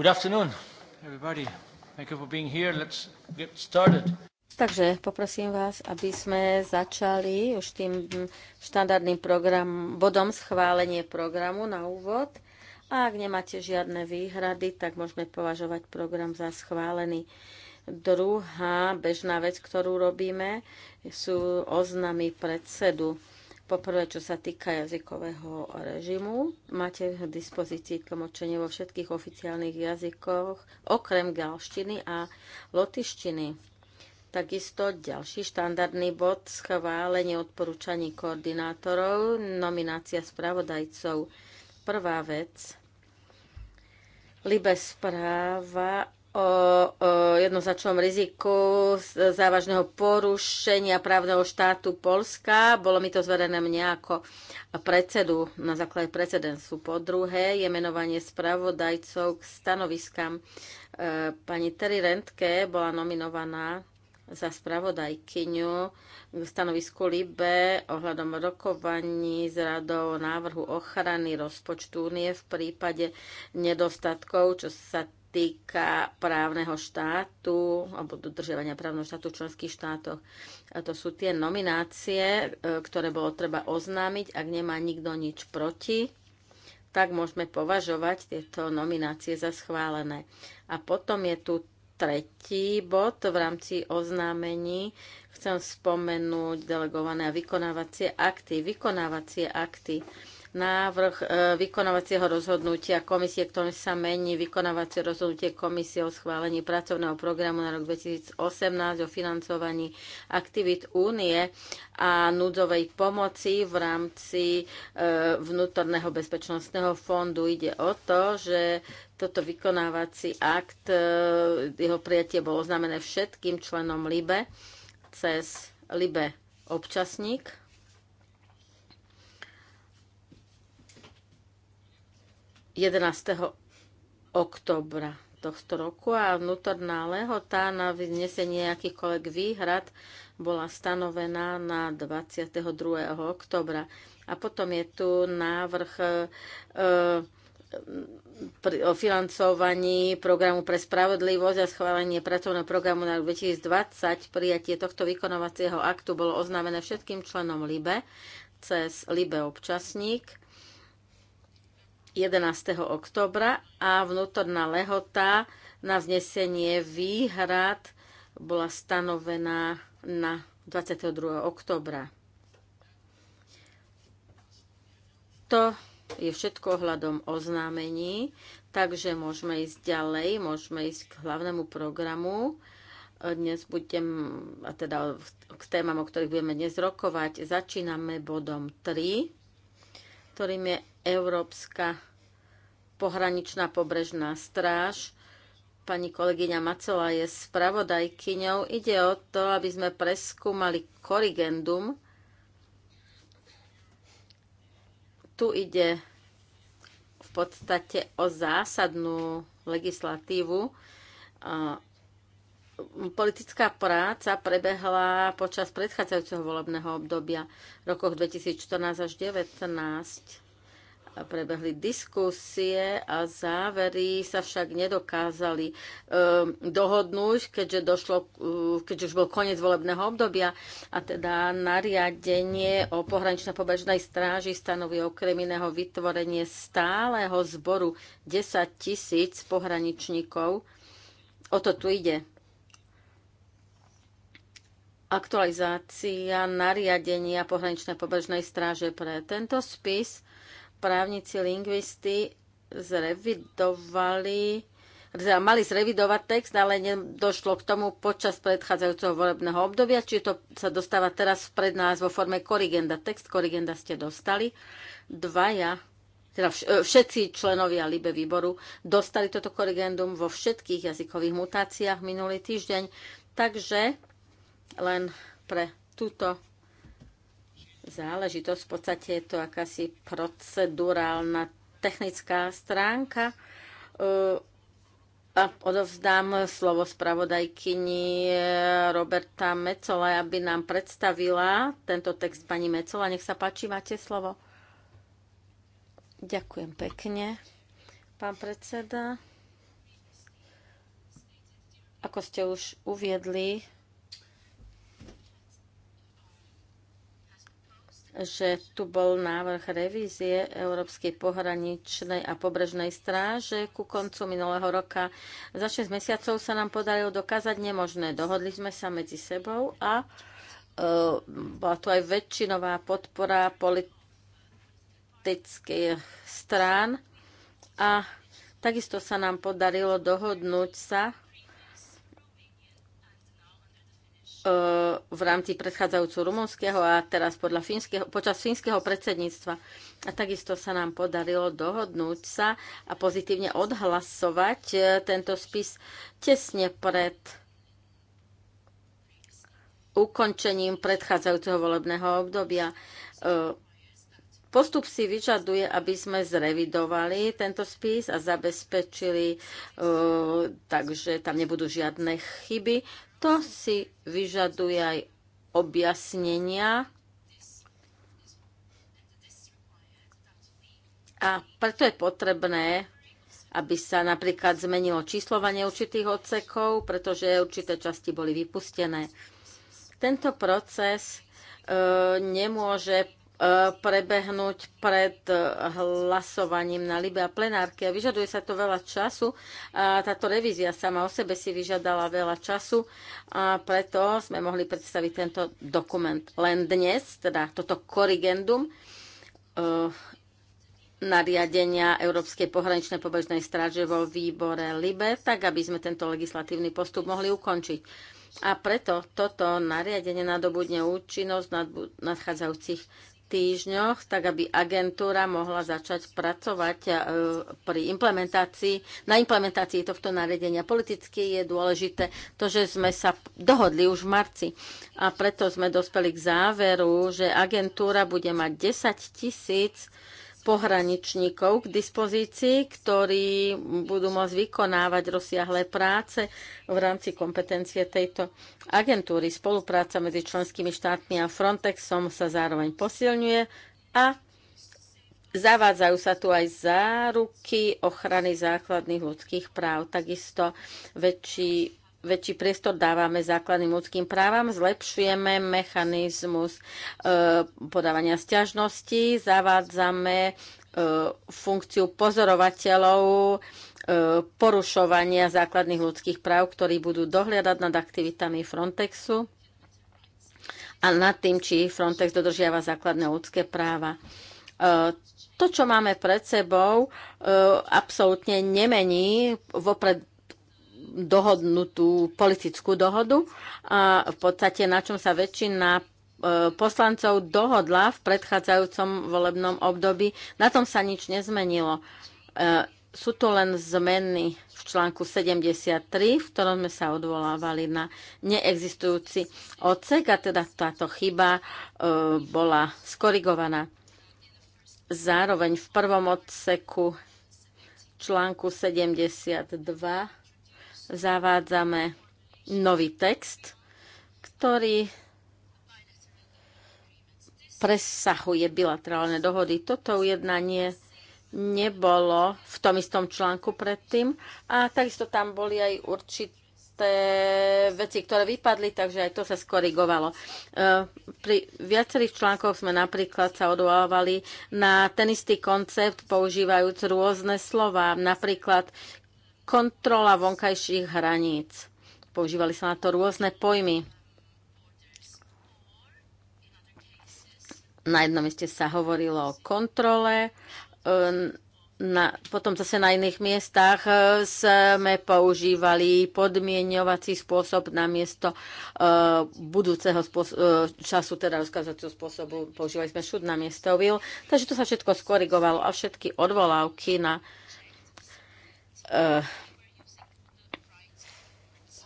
Good afternoon, everybody. Thank you for being here. Let's get started. Takže poprosím vás, aby sme začali už tým štandardným program, bodom schválenie programu na úvod. A ak nemáte žiadne výhrady, tak môžeme považovať program za schválený. Druhá bežná vec, ktorú robíme, sú oznamy predsedu. Poprvé, čo sa týka jazykového režimu, máte k dispozícii tlmočenie vo všetkých oficiálnych jazykoch, okrem galštiny a lotištiny. Takisto ďalší štandardný bod schválenie odporúčaní koordinátorov, nominácia spravodajcov. Prvá vec, Libe správa o, jednoznačnom riziku závažného porušenia právneho štátu Polska. Bolo mi to zverené mne ako predsedu na základe precedensu. Po druhé je menovanie spravodajcov k stanoviskám. E, pani Terry Rentke bola nominovaná za spravodajkyňu k stanovisku Libe ohľadom rokovaní z radou návrhu ochrany rozpočtu únie v prípade nedostatkov, čo sa týka právneho štátu alebo dodržiavania právneho štátu v členských štátoch. A to sú tie nominácie, e, ktoré bolo treba oznámiť. Ak nemá nikto nič proti, tak môžeme považovať tieto nominácie za schválené. A potom je tu tretí bod v rámci oznámení. Chcem spomenúť delegované a vykonávacie akty. Vykonávacie akty návrh e, vykonávacieho rozhodnutia komisie, ktorým sa mení vykonávacie rozhodnutie komisie o schválení pracovného programu na rok 2018 o financovaní aktivít únie a núdzovej pomoci v rámci e, vnútorného bezpečnostného fondu. Ide o to, že toto vykonávací akt, e, jeho prijatie bolo oznámené všetkým členom LIBE cez LIBE občasník 11. oktobra tohto roku a vnútorná lehota na vyznesenie akýchkoľvek výhrad bola stanovená na 22. oktobra. A potom je tu návrh e, o financovaní programu pre spravodlivosť a schválenie pracovného programu na 2020. Prijatie tohto vykonovacieho aktu bolo oznámené všetkým členom LIBE cez LIBE občasník 11. oktobra a vnútorná lehota na vznesenie výhrad bola stanovená na 22. oktobra. To je všetko ohľadom oznámení, takže môžeme ísť ďalej, môžeme ísť k hlavnému programu. Dnes budem, a teda k témam, o ktorých budeme dnes rokovať, začíname bodom 3 ktorým je Európska pohraničná pobrežná stráž. Pani kolegyňa Macová je spravodajkyňou. Ide o to, aby sme preskúmali korigendum. Tu ide v podstate o zásadnú legislatívu politická práca prebehla počas predchádzajúceho volebného obdobia v rokoch 2014 až 2019. Prebehli diskusie a závery sa však nedokázali um, dohodnúť, keďže, došlo, eh, keďže už bol koniec volebného obdobia a teda nariadenie o pohraničnej pobežnej stráži stanoví okrem iného vytvorenie stáleho zboru 10 tisíc pohraničníkov. O to tu ide aktualizácia nariadenia pohraničnej pobrežnej stráže pre tento spis. Právnici lingvisti zrevidovali teda mali zrevidovať text, ale nedošlo k tomu počas predchádzajúceho volebného obdobia, či to sa dostáva teraz pred nás vo forme korigenda. Text korigenda ste dostali. Dvaja, teda e, všetci členovia Libe výboru dostali toto korigendum vo všetkých jazykových mutáciách minulý týždeň. Takže len pre túto záležitosť. V podstate je to akási procedurálna technická stránka. E, a odovzdám slovo spravodajkyni Roberta Mecola, aby nám predstavila tento text pani Mecola. Nech sa páči, máte slovo. Ďakujem pekne, pán predseda. Ako ste už uviedli, že tu bol návrh revízie Európskej pohraničnej a pobrežnej stráže ku koncu minulého roka. Za 6 mesiacov sa nám podarilo dokázať nemožné. Dohodli sme sa medzi sebou a e, bola tu aj väčšinová podpora politických strán a takisto sa nám podarilo dohodnúť sa E, v rámci predchádzajúcu rumunského a teraz podľa fínskeho, počas fínskeho predsedníctva. A takisto sa nám podarilo dohodnúť sa a pozitívne odhlasovať e, tento spis tesne pred ukončením predchádzajúceho volebného obdobia. E, postup si vyžaduje, aby sme zrevidovali tento spis a zabezpečili, takže tam nebudú žiadne chyby to si vyžaduje aj objasnenia a preto je potrebné, aby sa napríklad zmenilo číslovanie určitých odsekov, pretože určité časti boli vypustené. Tento proces e, nemôže prebehnúť pred eh, hlasovaním na Libe a plenárke. A vyžaduje sa to veľa času. A táto revízia sama o sebe si vyžadala veľa času a preto sme mohli predstaviť tento dokument len dnes, teda toto korigendum eh, nariadenia Európskej pohraničnej pobežnej stráže vo výbore LIBE, tak aby sme tento legislatívny postup mohli ukončiť. A preto toto nariadenie nadobudne účinnosť nadchádzajúcich týždňoch, tak aby agentúra mohla začať pracovať e, pri implementácii, na implementácii tohto nariadenia. Politicky je dôležité to, že sme sa dohodli už v marci a preto sme dospeli k záveru, že agentúra bude mať 10 tisíc 000 pohraničníkov k dispozícii, ktorí budú môcť vykonávať rozsiahle práce v rámci kompetencie tejto agentúry. Spolupráca medzi členskými štátmi a Frontexom sa zároveň posilňuje a Zavádzajú sa tu aj záruky ochrany základných ľudských práv, takisto väčší väčší priestor dávame základným ľudským právam, zlepšujeme mechanizmus e, podávania stiažností, zavádzame e, funkciu pozorovateľov e, porušovania základných ľudských práv, ktorí budú dohliadať nad aktivitami Frontexu a nad tým, či Frontex dodržiava základné ľudské práva. To, čo máme pred sebou, absolútne nemení vopred dohodnutú politickú dohodu, a v podstate na čom sa väčšina e, poslancov dohodla v predchádzajúcom volebnom období. Na tom sa nič nezmenilo. E, sú to len zmeny v článku 73, v ktorom sme sa odvolávali na neexistujúci odsek a teda táto chyba e, bola skorigovaná. Zároveň v prvom odseku článku 72 zavádzame nový text, ktorý presahuje bilaterálne dohody. Toto ujednanie nebolo v tom istom článku predtým a takisto tam boli aj určité veci, ktoré vypadli, takže aj to sa skorigovalo. E, pri viacerých článkoch sme napríklad sa odvolávali na ten istý koncept, používajúc rôzne slova. Napríklad kontrola vonkajších hraníc. Používali sa na to rôzne pojmy. Na jednom mieste sa hovorilo o kontrole, e, na, potom zase na iných miestach e, sme používali podmienovací spôsob na miesto uh, budúceho spôsob, času, teda rozkazacieho spôsobu. Používali sme šud na miesto vil. Takže to sa všetko skorigovalo a všetky odvolávky na uh, Eh,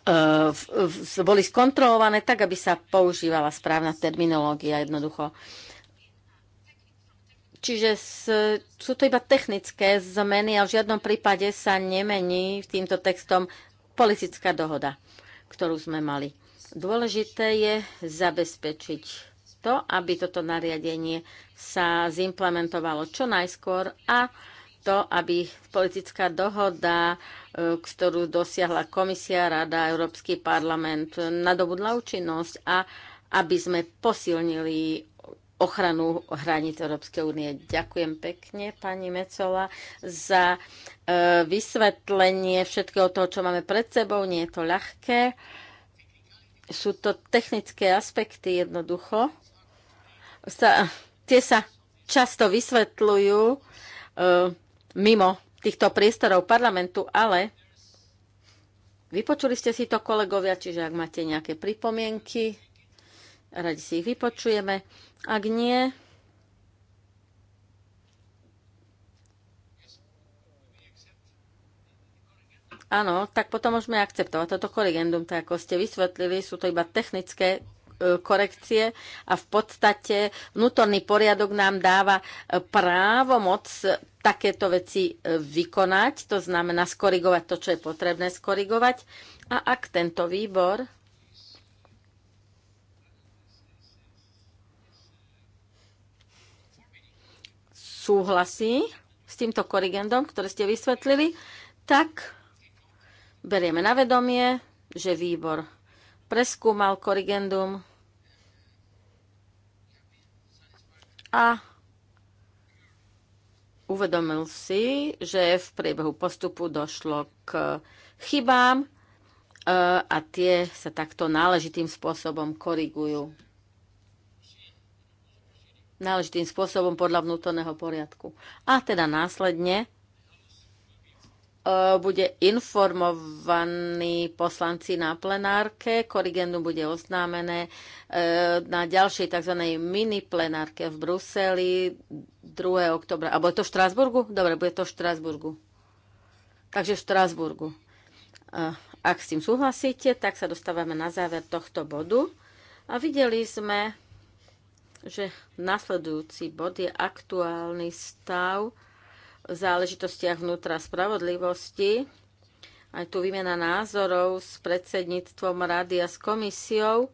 eh, boli skontrolované tak, aby sa používala správna terminológia jednoducho. Čiže sú to iba technické zmeny a v žiadnom prípade sa nemení týmto textom politická dohoda, ktorú sme mali. Dôležité je zabezpečiť to, aby toto nariadenie sa zimplementovalo čo najskôr a to, aby politická dohoda, e, ktorú dosiahla Komisia, Rada, Európsky parlament, nadobudla účinnosť a aby sme posilnili ochranu hraníc Európskej únie. Ďakujem pekne, pani Mecola, za e, vysvetlenie všetkého toho, čo máme pred sebou. Nie je to ľahké. Sú to technické aspekty jednoducho. Sa, tie sa často vysvetľujú. E, mimo týchto priestorov parlamentu, ale vypočuli ste si to kolegovia, čiže ak máte nejaké pripomienky, radi si ich vypočujeme. Ak nie, Áno, tak potom môžeme akceptovať toto korigendum, tak ako ste vysvetlili, sú to iba technické korekcie a v podstate vnútorný poriadok nám dáva právo moc takéto veci e, vykonať, to znamená skorigovať to, čo je potrebné skorigovať. A ak tento výbor súhlasí s týmto korigendom, ktoré ste vysvetlili, tak berieme na vedomie, že výbor preskúmal korigendum a uvedomil si, že v priebehu postupu došlo k chybám e, a tie sa takto náležitým spôsobom korigujú. Náležitým spôsobom podľa vnútorného poriadku. A teda následne Eh, bude informovaní poslanci na plenárke, korigendum bude oznámené eh, na ďalšej tzv. mini plenárke v Bruseli 2. oktobra. Alebo je to v Štrásburgu? Dobre, bude to v Štrásburgu. Takže v Štrásburgu. Eh, ak s tým súhlasíte, tak sa dostávame na záver tohto bodu. A videli sme, že nasledujúci bod je aktuálny stav záležitostiach vnútra spravodlivosti. Aj tu výmena názorov s predsedníctvom rady a s komisiou.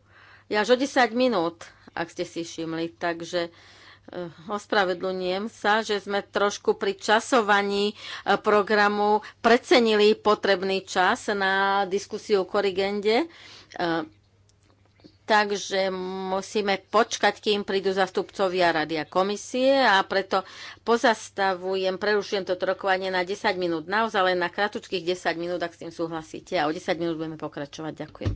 Je až o 10 minút, ak ste si všimli, takže eh, ospravedlňujem sa, že sme trošku pri časovaní eh, programu precenili potrebný čas na diskusiu o korigende. Eh, takže musíme počkať, kým prídu zastupcovia Rady a komisie a preto pozastavujem, prerušujem toto rokovanie na 10 minút, naozaj len na kratučkých 10 minút, ak s tým súhlasíte a o 10 minút budeme pokračovať. Ďakujem.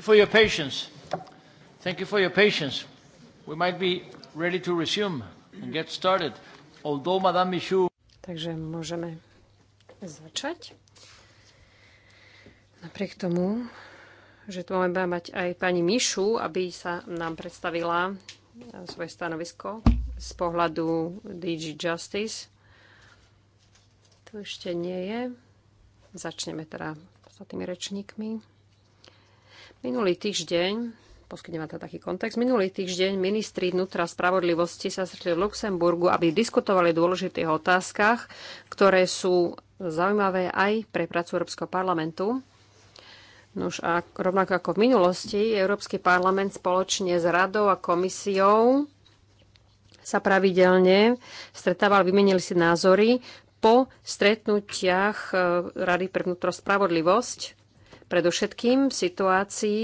for your patience. Thank you for your patience. We might be ready to resume and get started. Although Madame Michou... Takže môžeme začať. Napriek tomu, že tu máme mať aj pani Mišu, aby sa nám predstavila e, svoje stanovisko z pohľadu DG Justice. Tu ešte nie je. Začneme teda s tými rečníkmi. Minulý týždeň, poskytnem vám teda taký kontext, minulý týždeň ministri vnútra spravodlivosti sa stretli v Luxemburgu, aby diskutovali o dôležitých otázkach, ktoré sú zaujímavé aj pre prácu Európskeho parlamentu. Nož a rovnako ako v minulosti, Európsky parlament spoločne s radou a komisiou sa pravidelne stretával, vymenili si názory po stretnutiach eh, Rady pre vnútro spravodlivosť. Predovšetkým v situácii,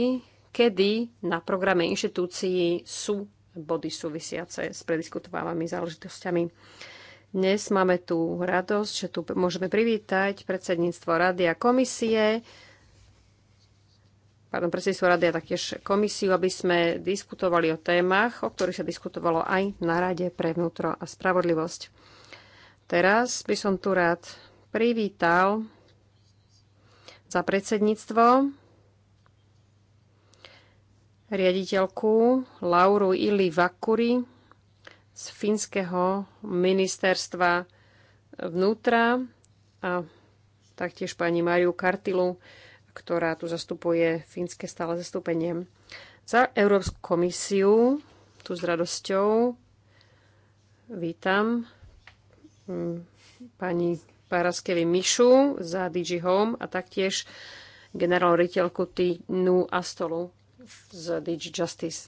kedy na programe inštitúcií sú body súvisiace s prediskutovávanými záležitosťami. Dnes máme tu radosť, že tu môžeme privítať predsedníctvo Rady a komisie, pardon, predsedníctvo Rady a taktiež komisiu, aby sme diskutovali o témach, o ktorých sa diskutovalo aj na Rade pre vnútro a spravodlivosť. Teraz by som tu rád privítal za predsedníctvo, riaditeľku Lauru Ili Vakuri z Fínskeho ministerstva vnútra a taktiež pani Mariu Kartilu, ktorá tu zastupuje fínske stále zastúpenie. Za Európsku komisiu tu s radosťou vítam mm, pani Paraskevi Mišu za DG Home a taktiež generál riteľku Tinu Astolu z DG Justice.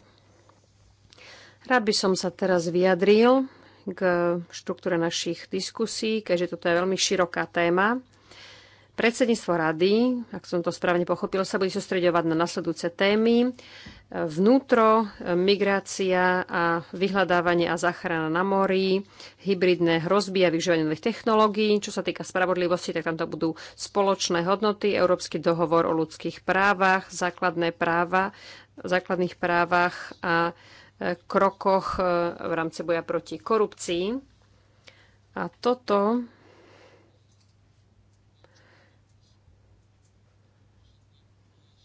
Rád by som sa teraz vyjadril k štruktúre našich diskusí, keďže toto je veľmi široká téma. Predsedníctvo rady, ak som to správne pochopil, sa bude sústredovať na nasledujúce témy. Vnútro, migrácia a vyhľadávanie a záchrana na mori, hybridné hrozby a využívanie nových technológií. Čo sa týka spravodlivosti, tak tam to budú spoločné hodnoty, Európsky dohovor o ľudských právach, základné práva, základných právach a e, krokoch e, v rámci boja proti korupcii. A toto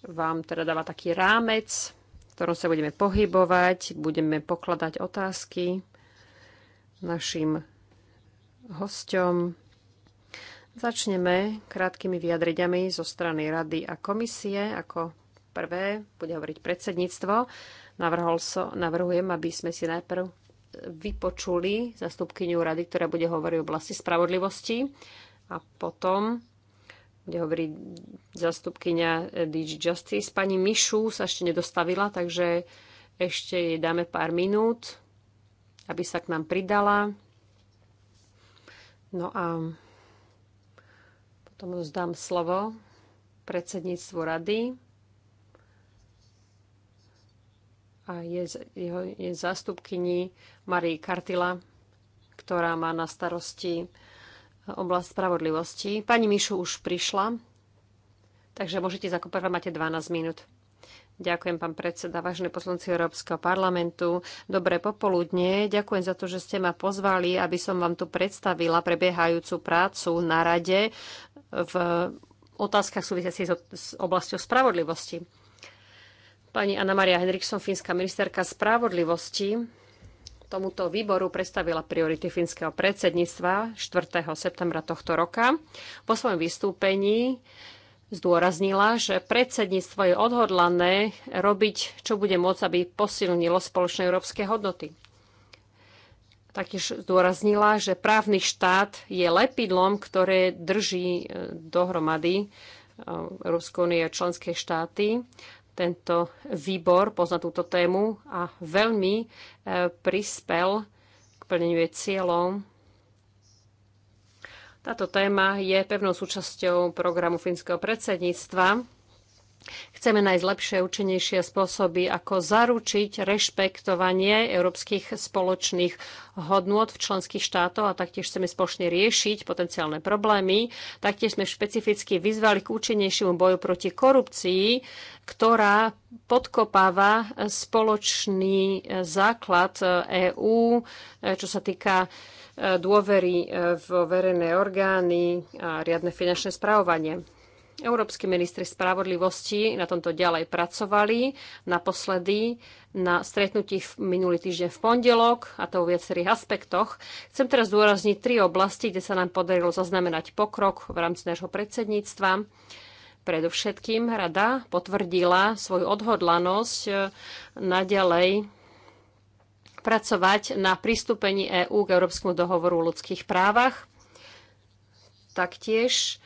vám teda dáva taký rámec, v ktorom sa budeme pohybovať, budeme pokladať otázky našim hosťom. Začneme krátkými vyjadreniami zo strany Rady a komisie. Ako prvé bude hovoriť predsedníctvo. Navrhol so, navrhujem, aby sme si najprv vypočuli zastupkyňu rady, ktorá bude hovoriť o oblasti spravodlivosti a potom kde hovorí zastupkynia eh, DG Justice. Pani Mišu sa ešte nedostavila, takže ešte jej dáme pár minút, aby sa k nám pridala. No a potom zdám slovo predsedníctvu rady. A je, jeho, je zástupkyni Marii Kartila, ktorá má na starosti oblasť spravodlivosti. Pani Mišu už prišla, takže môžete zakúpať, máte 12 minút. Ďakujem, pán predseda, vážne poslanci Európskeho parlamentu. Dobré popoludne. Ďakujem za to, že ste ma pozvali, aby som vám tu predstavila prebiehajúcu prácu na rade v otázkach súvisiaci s oblasťou spravodlivosti. Pani Anna Maria Henriksson, fínska ministerka spravodlivosti, tomuto výboru predstavila priority finského predsedníctva 4. septembra tohto roka. Po svojom vystúpení zdôraznila, že predsedníctvo je odhodlané robiť, čo bude môcť, aby posilnilo spoločné európske hodnoty. Taktiež zdôraznila, že právny štát je lepidlom, ktoré drží eh, dohromady eh, Európskej únie a členské štáty tento výbor pozná túto tému a veľmi e, prispel k plneniu jej cieľom. Táto téma je pevnou súčasťou programu fínskeho predsedníctva Chceme nájsť lepšie, účinnejšie spôsoby, ako zaručiť rešpektovanie európskych spoločných hodnôt v členských štátoch a taktiež chceme spoločne riešiť potenciálne problémy. Taktiež sme špecificky vyzvali k účinnejšiemu boju proti korupcii, ktorá podkopáva spoločný základ EÚ, čo sa týka e, dôvery e, v verejné orgány a riadne finančné správovanie. Európsky ministri spravodlivosti na tomto ďalej pracovali naposledy na stretnutí v minulý týždeň v pondelok a to v viacerých aspektoch. Chcem teraz zdôrazniť tri oblasti, kde sa nám podarilo zaznamenať pokrok v rámci nášho predsedníctva. Predovšetkým rada potvrdila svoju odhodlanosť e, naďalej pracovať na pristúpení EÚ k Európskemu dohovoru o ľudských právach. Taktiež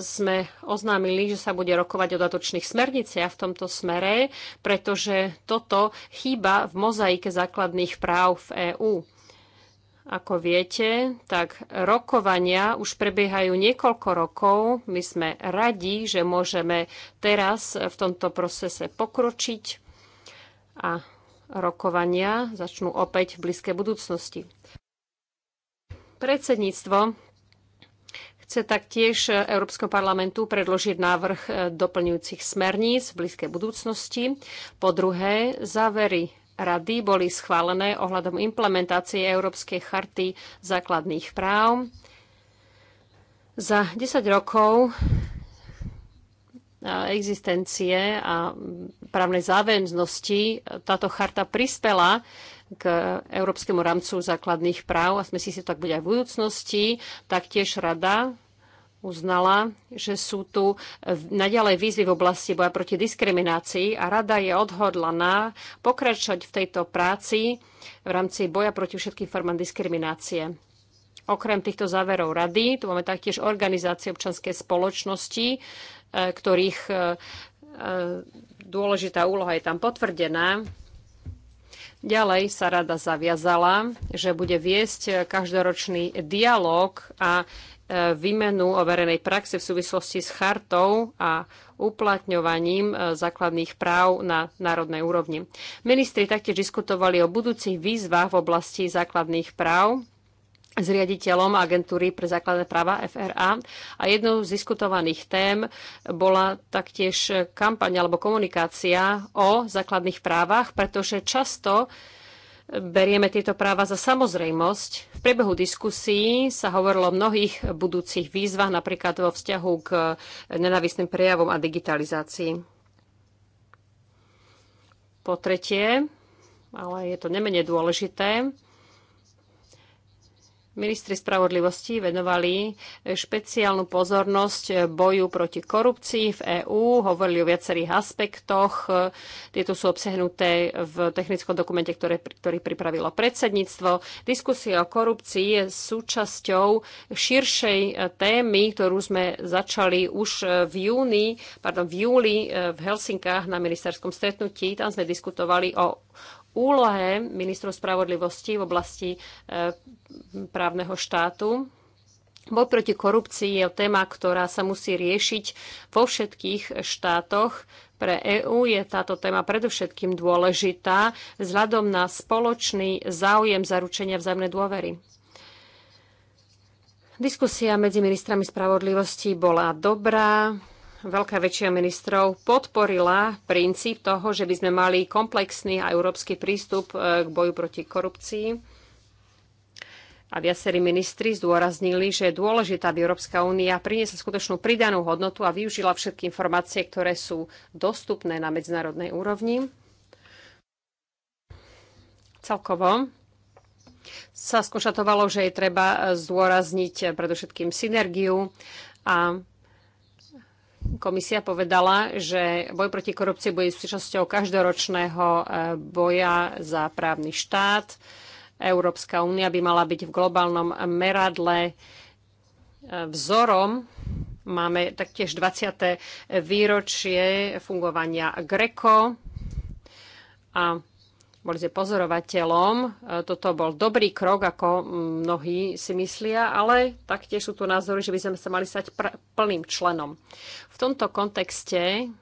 sme oznámili, že sa bude rokovať o datočných smerniciach v tomto smere, pretože toto chýba v mozaike základných práv v EÚ. Ako viete, tak rokovania už prebiehajú niekoľko rokov. My sme radi, že môžeme teraz v tomto procese pokročiť a rokovania začnú opäť v blízkej budúcnosti. Predsedníctvo chce taktiež Európskeho parlamentu predložiť návrh e, doplňujúcich smerníc v blízkej budúcnosti. Po druhé, závery rady boli schválené ohľadom implementácie Európskej charty základných práv. Za 10 rokov e, existencie a právnej záväznosti e, táto charta prispela k Európskemu rámcu základných práv a sme si si tak bude aj v budúcnosti, tak tiež rada uznala, že sú tu naďalej výzvy v oblasti boja proti diskriminácii a rada je odhodlaná pokračovať v tejto práci v rámci boja proti všetkým formám diskriminácie. Okrem týchto záverov rady, tu máme taktiež organizácie občanskej spoločnosti, e, ktorých e, e, dôležitá úloha je tam potvrdená. Ďalej sa rada zaviazala, že bude viesť každoročný dialog a e, výmenu overenej praxe v súvislosti s chartou a uplatňovaním e, základných práv na národnej úrovni. Ministri taktiež diskutovali o budúcich výzvach v oblasti základných práv s riaditeľom agentúry pre základné práva FRA a jednou z diskutovaných tém bola taktiež kampaň alebo komunikácia o základných právach, pretože často berieme tieto práva za samozrejmosť. V priebehu diskusí sa hovorilo o mnohých budúcich výzvach, napríklad vo vzťahu k nenavistným prejavom a digitalizácii. Po tretie, ale je to nemenej dôležité, ministri spravodlivosti venovali špeciálnu pozornosť boju proti korupcii v EÚ, hovorili o viacerých aspektoch. Tieto sú obsahnuté v technickom dokumente, ktoré, ktorý pripravilo predsedníctvo. Diskusia o korupcii je súčasťou širšej témy, ktorú sme začali už v júni, pardon, v júli v Helsinkách na ministerskom stretnutí. Tam sme diskutovali o úlohe ministru spravodlivosti v oblasti e, právneho štátu. Boj proti korupcii je téma, ktorá sa musí riešiť vo všetkých štátoch. Pre EÚ je táto téma predovšetkým dôležitá vzhľadom na spoločný záujem zaručenia vzájomnej dôvery. Diskusia medzi ministrami spravodlivosti bola dobrá veľká väčšia ministrov podporila princíp toho, že by sme mali komplexný a európsky prístup e, k boju proti korupcii. A viacerí ministri zdôraznili, že je dôležité, aby Európska únia priniesla skutočnú pridanú hodnotu a využila všetky informácie, ktoré sú dostupné na medzinárodnej úrovni. Celkovo sa skonštatovalo, že je treba zdôrazniť predovšetkým synergiu a komisia povedala, že boj proti korupcii bude súčasťou každoročného e, boja za právny štát. Európska únia by mala byť v globálnom meradle e, vzorom. Máme taktiež 20. výročie fungovania GRECO a boli sme pozorovateľom. E, toto bol dobrý krok, ako mnohí si myslia, ale taktiež sú tu názory, že by sme sa mali stať plným členom. V tomto kontexte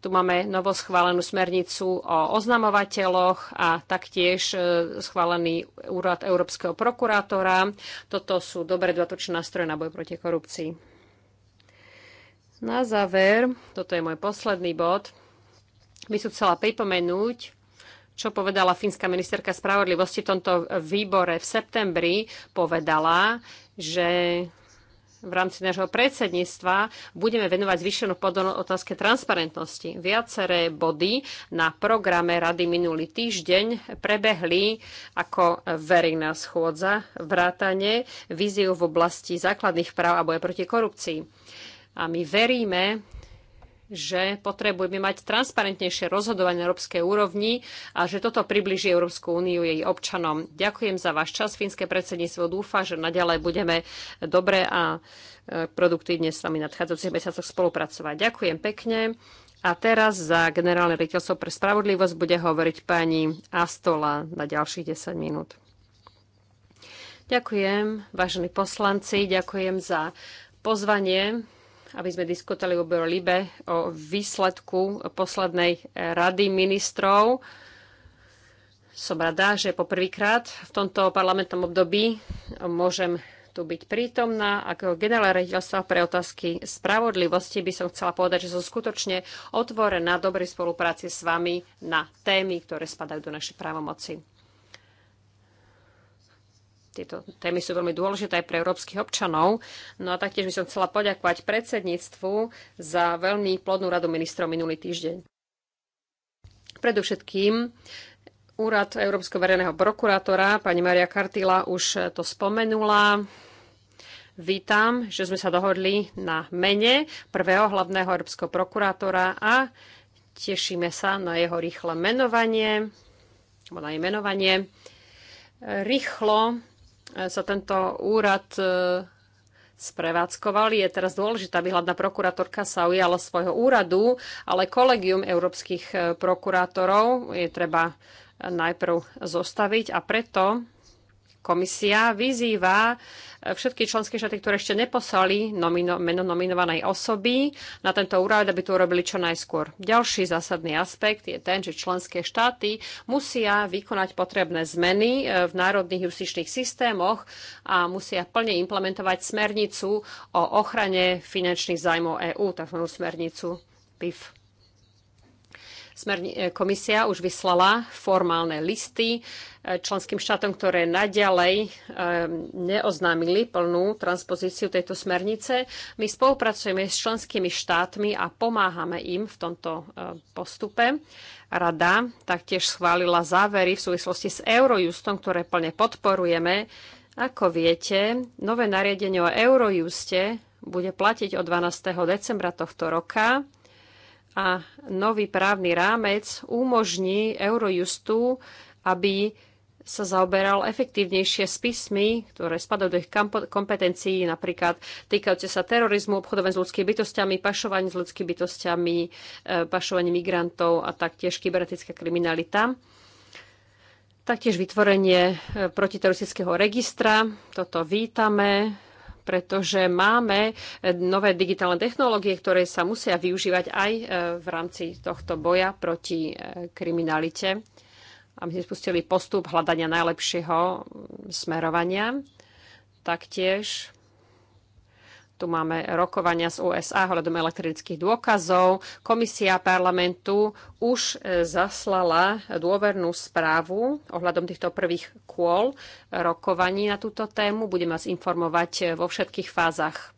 tu máme novo schválenú smernicu o oznamovateľoch a taktiež e, schválený úrad Európskeho prokurátora. Toto sú dobre dodatočné nástroje na boj proti korupcii. Na záver, toto je môj posledný bod, by som chcela pripomenúť, čo povedala fínska ministerka spravodlivosti v tomto výbore v septembri, povedala, že v rámci nášho predsedníctva budeme venovať zvýšenú podobnú otázke transparentnosti. Viaceré body na programe rady minulý týždeň prebehli ako verejná schôdza vrátane víziu v oblasti základných práv a boja proti korupcii. A my veríme, že potrebujeme mať transparentnejšie rozhodovanie na európskej úrovni a že toto približí Európsku úniu jej občanom. Ďakujem za váš čas. Fínske predsedníctvo dúfa, že naďalej budeme dobre a e, produktívne s vami nadchádzajúcich mesiacoch spolupracovať. Ďakujem pekne. A teraz za generálne riteľstvo pre spravodlivosť bude hovoriť pani Astola na ďalších 10 minút. Ďakujem, vážení poslanci, ďakujem za pozvanie aby sme diskutovali o Libe o výsledku poslednej rady ministrov. Som rada, že poprvýkrát v tomto parlamentnom období môžem tu byť prítomná. Ako generál rediteľstva pre otázky spravodlivosti by som chcela povedať, že som skutočne otvorená dobrej spolupráci s vami na témy, ktoré spadajú do našej právomoci. Tieto témy sú veľmi dôležité aj pre európskych občanov. No a taktiež by som chcela poďakovať predsedníctvu za veľmi plodnú radu ministrov minulý týždeň. Predovšetkým Úrad Európskeho verejného prokurátora, pani Maria Kartila už to spomenula, Vítam, že sme sa dohodli na mene prvého hlavného európskeho prokurátora a tešíme sa na jeho rýchle menovanie, alebo na jej menovanie. Rýchlo sa tento úrad e, sprevádzkoval. Je teraz dôležitá aby hľadná prokurátorka sa ujala svojho úradu, ale kolegium európskych e, prokurátorov je treba najprv zostaviť a preto Komisia vyzýva e, všetky členské štáty, ktoré ešte neposlali nomino, meno nominovanej osoby na tento úrad, aby to urobili čo najskôr. Ďalší zásadný aspekt je ten, že členské štáty musia vykonať potrebné zmeny e, v národných justičných systémoch a musia plne implementovať smernicu o ochrane finančných zájmov EÚ, takzvanú smernicu PIF. E, komisia už vyslala formálne listy e, členským štátom, ktoré naďalej e, neoznámili plnú transpozíciu tejto smernice. My spolupracujeme s členskými štátmi a pomáhame im v tomto postupe. Rada taktiež schválila závery v súvislosti s Eurojustom, ktoré plne podporujeme. Ako viete, nové nariadenie o Eurojuste bude platiť od 12. decembra tohto roka a nový právny rámec umožní Eurojustu, aby sa zaoberal efektívnejšie spismi, ktoré spadajú do ich kompetencií, napríklad týkajúce sa terorizmu, obchodovania s ľudskými bytostiami, pašovanie s ľudskými bytostiami, e, pašovanie migrantov a taktiež kybernetická kriminalita. Taktiež vytvorenie e, protiteroristického registra, toto vítame, pretože máme eh, nové digitálne technológie, ktoré sa musia využívať aj eh, v rámci tohto boja proti eh, kriminalite. A my sme spustili postup hľadania najlepšieho mm, smerovania. Taktiež tu máme rokovania z USA hľadom elektrických dôkazov. Komisia parlamentu už e, zaslala dôvernú správu ohľadom týchto prvých kôl rokovaní na túto tému. Budem vás informovať e, vo všetkých fázach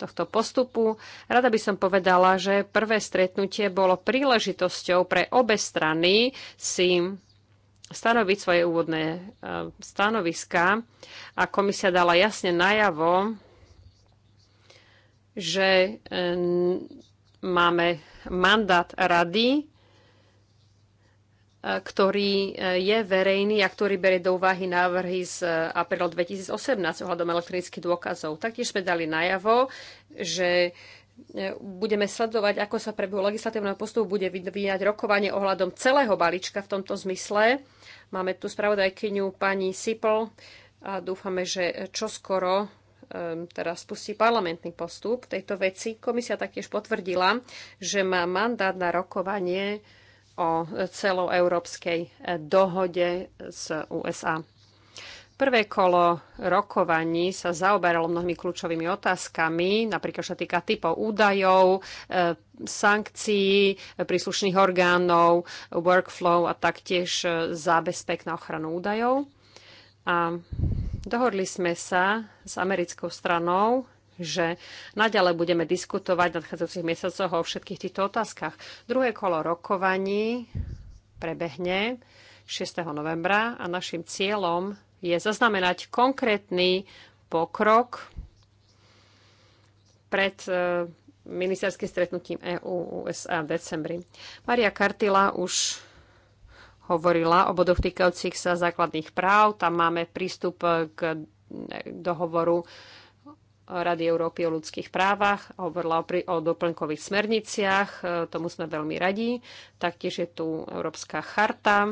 tohto postupu. Rada by som povedala, že prvé stretnutie bolo príležitosťou pre obe strany si stanoviť svoje úvodné e, stanoviská a komisia dala jasne najavo, že e, máme mandát rady, e, ktorý e, je verejný a ktorý berie do úvahy návrhy z apríla 2018 ohľadom elektronických dôkazov. Taktiež sme dali najavo, že budeme sledovať, ako sa prebehu legislatívneho postupu bude vyvíjať rokovanie ohľadom celého balíčka v tomto zmysle. Máme tu spravodajkyňu pani Sipl a dúfame, že čoskoro Ehm, teraz spustí parlamentný postup tejto veci. Komisia taktiež potvrdila, že má mandát na rokovanie o celoeurópskej eh, dohode z USA. Prvé kolo rokovaní sa zaoberalo mnohými kľúčovými otázkami, napríklad čo týka typov údajov, eh, sankcií, príslušných orgánov, workflow a taktiež eh, zábezpek na ochranu údajov. A Dohodli sme sa s americkou stranou, že naďalej budeme diskutovať v nadchádzajúcich mesiacoch o všetkých týchto otázkach. Druhé kolo rokovaní prebehne 6. novembra a našim cieľom je zaznamenať konkrétny pokrok pred e, ministerským stretnutím EU-USA v decembri. Maria Kartila už hovorila o bodoch týkajúcich sa základných práv. Tam máme prístup eh, k dohovoru Rady Európy o ľudských právach, hovorila o, pri, o doplnkových smerniciach, eh, tomu sme veľmi radi. Taktiež je tu Európska charta.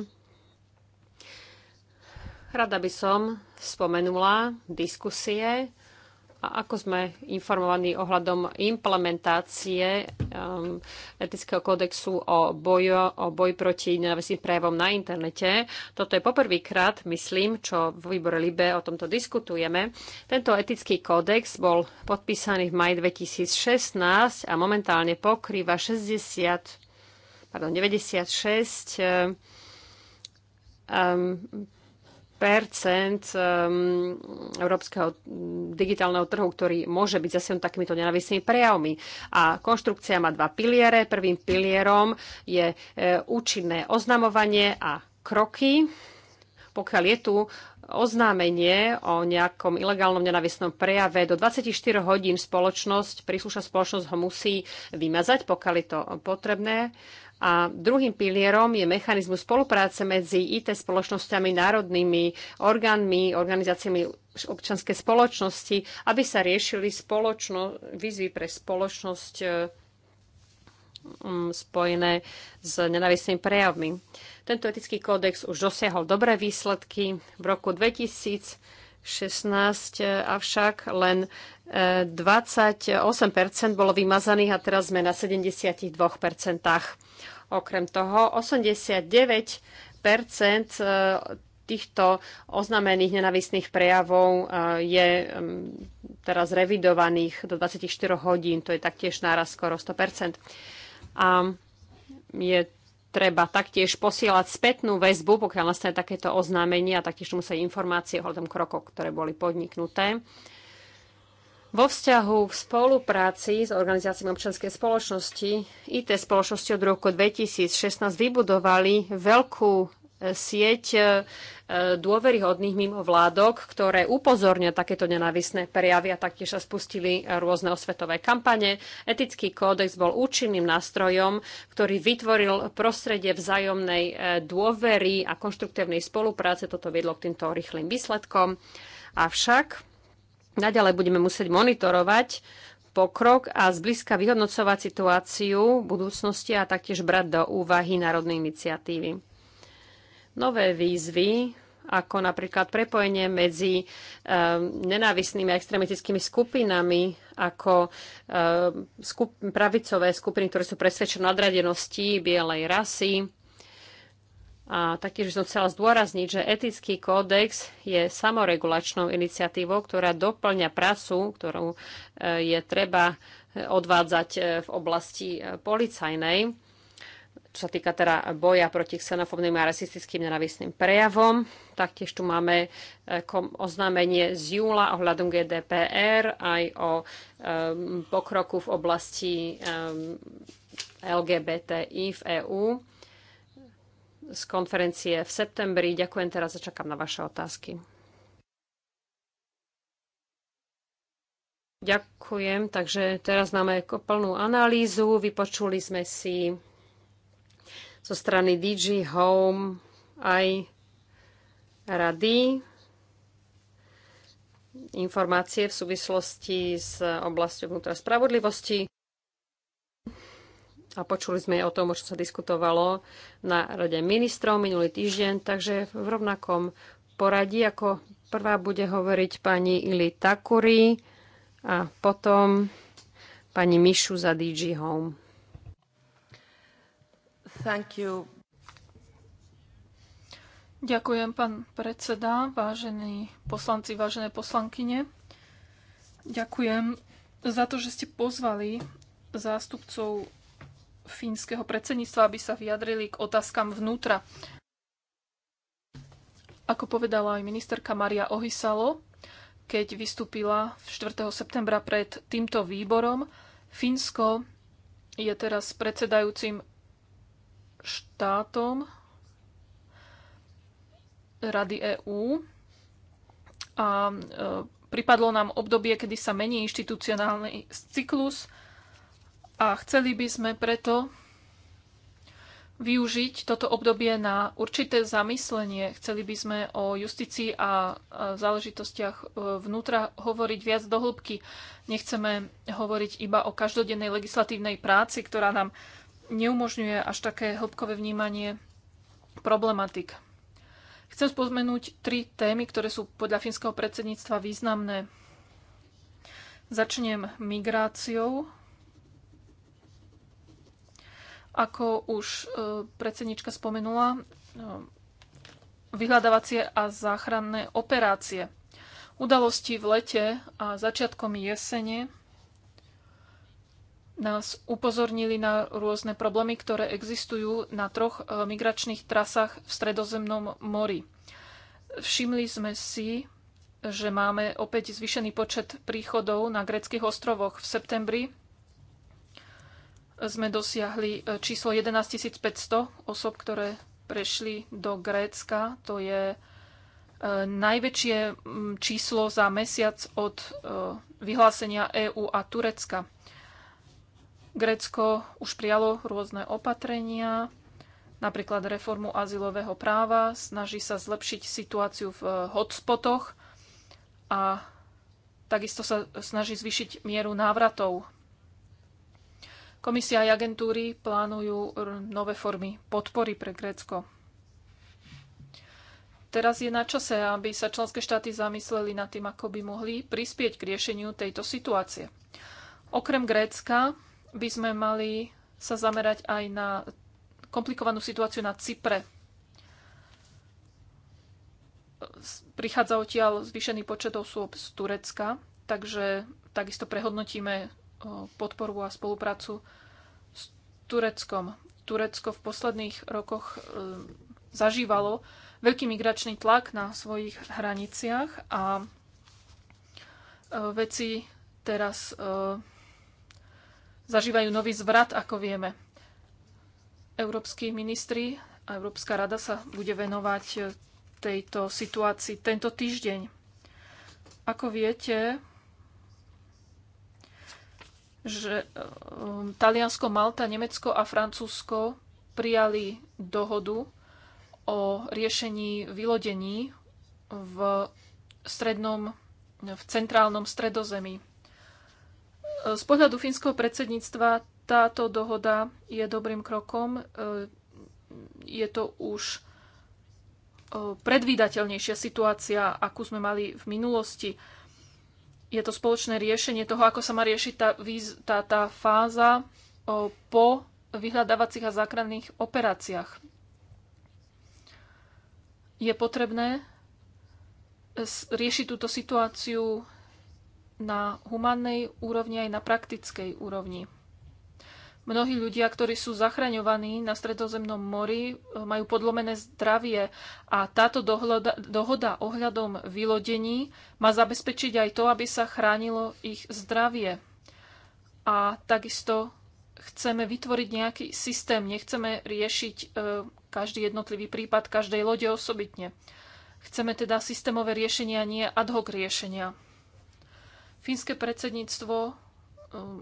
Rada by som spomenula diskusie, a ako sme informovaní ohľadom implementácie um, etického kódexu o, boju, o boj proti nenávisným prejavom na internete. Toto je poprvýkrát, myslím, čo v výbore LIBE o tomto diskutujeme. Tento etický kódex bol podpísaný v maji 2016 a momentálne pokrýva 60, pardon, 96 um, Ehm, európskeho mm, digitálneho trhu, ktorý môže byť zase takýmito nenavisnými prejavmi. A konštrukcia má dva piliere. Prvým pilierom je e, účinné oznamovanie a kroky. Pokiaľ je tu oznámenie o nejakom ilegálnom nenavisnom prejave do 24 hodín spoločnosť, príslušná spoločnosť ho musí vymazať, pokiaľ je to potrebné. A druhým pilierom je mechanizmus spolupráce medzi IT spoločnosťami, národnými orgánmi, organizáciami občanské spoločnosti, aby sa riešili spoločno, výzvy pre spoločnosť e, spojené s nenavistnými prejavmi. Tento etický kódex už dosiahol dobré výsledky. V roku 2000 16, avšak len 28 e, bolo vymazaných a teraz sme na 72 Okrem toho 89 e, týchto oznámených nenavistných prejavov e, je teraz revidovaných do 24 hodín, to je taktiež náraz skoro 100 A je treba taktiež posielať spätnú väzbu, pokiaľ nastane takéto oznámenie a taktiež musia informácie o tom krokov, ktoré boli podniknuté. Vo vzťahu k spolupráci s organizáciami občianskej spoločnosti IT spoločnosti od roku 2016 vybudovali veľkú sieť e, dôveryhodných mimovládok, ktoré upozornia takéto nenávisné prejavy a taktiež sa spustili rôzne osvetové kampane. Etický kódex bol účinným nástrojom, ktorý vytvoril prostredie vzájomnej e, dôvery a konštruktívnej spolupráce. Toto viedlo k týmto rýchlým výsledkom. Avšak naďalej budeme musieť monitorovať pokrok a zblízka vyhodnocovať situáciu v budúcnosti a taktiež brať do úvahy národné iniciatívy nové výzvy, ako napríklad prepojenie medzi eh, nenávisnými a extremistickými skupinami, ako eh, skup- pravicové skupiny, ktoré sú presvedčené nadradenosti bielej rasy. A taktiež som chcela zdôrazniť, že etický kódex je samoregulačnou iniciatívou, ktorá doplňa prácu, ktorú eh, je treba odvádzať v oblasti policajnej čo sa týka teda boja proti xenofobným a rasistickým nenavistným prejavom. Taktiež tu máme eh, oznámenie z júla ohľadom GDPR aj o um, pokroku v oblasti um, eh, LGBTI v EÚ z konferencie v septembri. Ďakujem teraz a čakám na vaše otázky. Ďakujem. Takže teraz máme plnú analýzu. Vypočuli sme si zo strany DG Home aj rady informácie v súvislosti s oblasťou vnútra spravodlivosti. A počuli sme o tom, o čo sa diskutovalo na rade ministrov minulý týždeň, takže v rovnakom poradí, ako prvá bude hovoriť pani Ili Takuri a potom pani Mišu za DG Home. Ďakujem, pán predseda, vážení poslanci, vážené poslankyne. Ďakujem za to, že ste pozvali zástupcov fínskeho predsedníctva, aby sa vyjadrili k otázkam vnútra. Ako povedala aj ministerka Maria Ohisalo, keď vystúpila 4. septembra pred týmto výborom, Fínsko je teraz predsedajúcim štátom Rady EÚ a e, pripadlo nám obdobie, kedy sa mení inštitucionálny cyklus a chceli by sme preto využiť toto obdobie na určité zamyslenie. Chceli by sme o justícii a záležitostiach e, vnútra hovoriť viac do hĺbky. Nechceme hovoriť iba o každodennej legislatívnej práci, ktorá nám neumožňuje až také hĺbkové vnímanie problematik. Chcem spomenúť tri témy, ktoré sú podľa fínskeho predsedníctva významné. Začnem migráciou. Ako už e, predsednička spomenula, e, vyhľadávacie a záchranné operácie. Udalosti v lete a začiatkom jesene nás upozornili na rôzne problémy, ktoré existujú na troch e, migračných trasách v Stredozemnom mori. Všimli sme si, že máme opäť zvýšený počet príchodov na greckých ostrovoch. V septembri sme dosiahli e, číslo 11 500 osob, ktoré prešli do Grécka. To je e, najväčšie číslo za mesiac od vyhlásenia EÚ a Turecka. Grécko už prijalo rôzne opatrenia, napríklad reformu azylového práva, snaží sa zlepšiť situáciu v eh, hotspotoch a takisto sa snaží zvýšiť mieru návratov. Komisia aj agentúry plánujú nové formy podpory pre Grécko. Teraz je na čase, aby sa členské štáty zamysleli nad tým, ako by mohli prispieť k riešeniu tejto situácie. Okrem Grécka by sme mali sa zamerať aj na komplikovanú situáciu na Cypre. Prichádza odtiaľ zvýšený počet osôb z Turecka, takže takisto prehodnotíme podporu a spoluprácu s Tureckom. Turecko v posledných rokoch e, zažívalo veľký migračný tlak na svojich hraniciach a e, veci teraz e, zažívajú nový zvrat, ako vieme. Európsky ministri a Európska rada sa bude venovať tejto situácii tento týždeň. Ako viete, že um, Taliansko, Malta, Nemecko a Francúzsko prijali dohodu o riešení vylodení v strednom, v centrálnom stredozemí. Z pohľadu fínskeho predsedníctva táto dohoda je dobrým krokom. E, je to už e, predvídateľnejšia situácia, akú sme mali v minulosti. Je to spoločné riešenie toho, ako sa má riešiť tá, tá, tá fáza e, po vyhľadávacích a záchranných operáciách. Je potrebné riešiť túto situáciu na humannej úrovni aj na praktickej úrovni. Mnohí ľudia, ktorí sú zachraňovaní na Stredozemnom mori, eh, majú podlomené zdravie a táto dohoda, dohoda ohľadom vylodení má zabezpečiť aj to, aby sa chránilo ich zdravie. A takisto chceme vytvoriť nejaký systém, nechceme riešiť e, každý jednotlivý prípad každej lode osobitne. Chceme teda systémové riešenia, nie ad hoc riešenia. Fínske predsedníctvo um,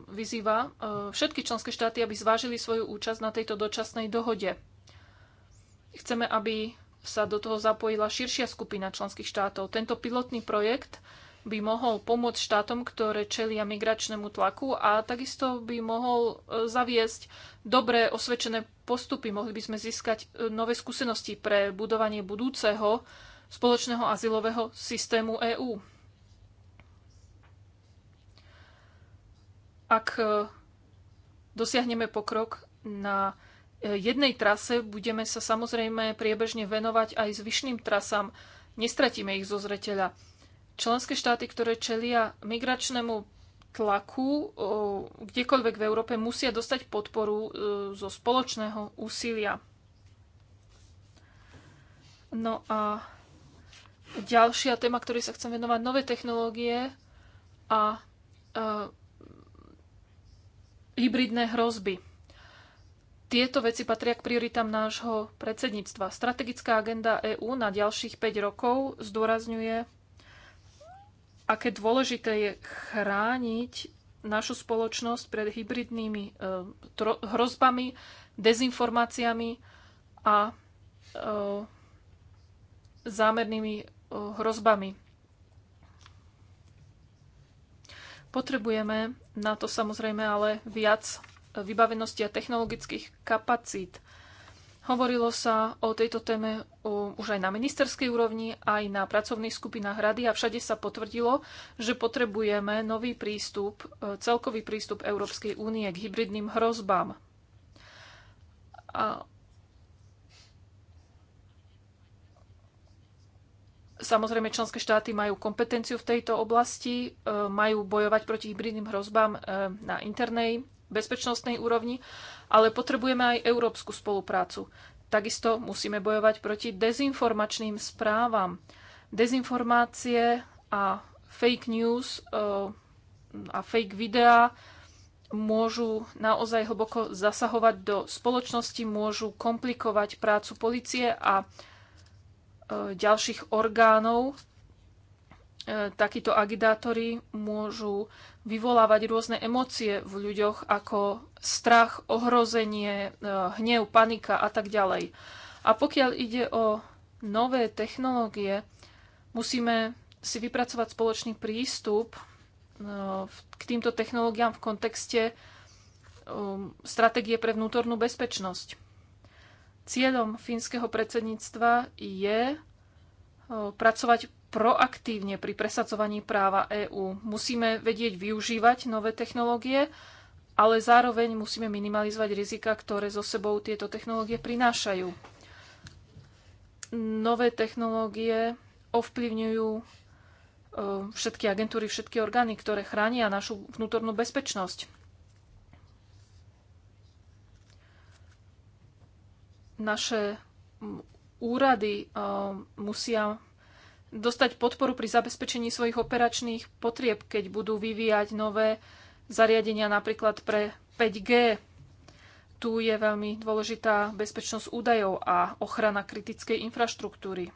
vyzýva uh, všetky členské štáty, aby zvážili svoju účasť na tejto dočasnej dohode. Chceme, aby sa do toho zapojila širšia skupina členských štátov. Tento pilotný projekt by mohol pomôcť štátom, ktoré čelia migračnému tlaku a takisto by mohol uh, zaviesť dobre osvedčené postupy. Mohli by sme získať uh, nové skúsenosti pre budovanie budúceho spoločného azylového systému EÚ. Ak e, dosiahneme pokrok na e, jednej trase, budeme sa samozrejme priebežne venovať aj zvyšným trasám. Nestratíme ich zo zreteľa. Členské štáty, ktoré čelia migračnému tlaku, e, kdekoľvek v Európe, musia dostať podporu zo spoločného úsilia. No a ďalšia téma, ktorej sa chcem venovať, nové technológie a hybridné hrozby. Tieto veci patria k prioritám nášho predsedníctva. Strategická agenda EÚ na ďalších 5 rokov zdôrazňuje, aké dôležité je chrániť našu spoločnosť pred hybridnými e, hrozbami, dezinformáciami a e, zámernými e, hrozbami. Potrebujeme na to samozrejme ale viac vybavenosti a technologických kapacít. Hovorilo sa o tejto téme už aj na ministerskej úrovni, aj na pracovných skupinách rady a všade sa potvrdilo, že potrebujeme nový prístup, e, celkový prístup Európskej únie k hybridným hrozbám. A Samozrejme, členské štáty majú kompetenciu v tejto oblasti, e, majú bojovať proti hybridným hrozbám e, na internej bezpečnostnej úrovni, ale potrebujeme aj európsku spoluprácu. Takisto musíme bojovať proti dezinformačným správam. Dezinformácie a fake news e, a fake videá môžu naozaj hlboko zasahovať do spoločnosti, môžu komplikovať prácu policie a E, ďalších orgánov. E, takíto agitátori môžu vyvolávať rôzne emócie v ľuďoch ako strach, ohrozenie, e, hnev, panika a tak ďalej. A pokiaľ ide o nové technológie, musíme si vypracovať spoločný prístup k týmto technológiám v kontexte stratégie pre vnútornú bezpečnosť. Cieľom fínskeho predsedníctva je pracovať proaktívne pri presadzovaní práva EÚ. Musíme vedieť využívať nové technológie, ale zároveň musíme minimalizovať rizika, ktoré so sebou tieto technológie prinášajú. Nové technológie ovplyvňujú všetky agentúry, všetky orgány, ktoré chránia našu vnútornú bezpečnosť. naše úrady e, musia dostať podporu pri zabezpečení svojich operačných potrieb, keď budú vyvíjať nové zariadenia napríklad pre 5G. Tu je veľmi dôležitá bezpečnosť údajov a ochrana kritickej infraštruktúry.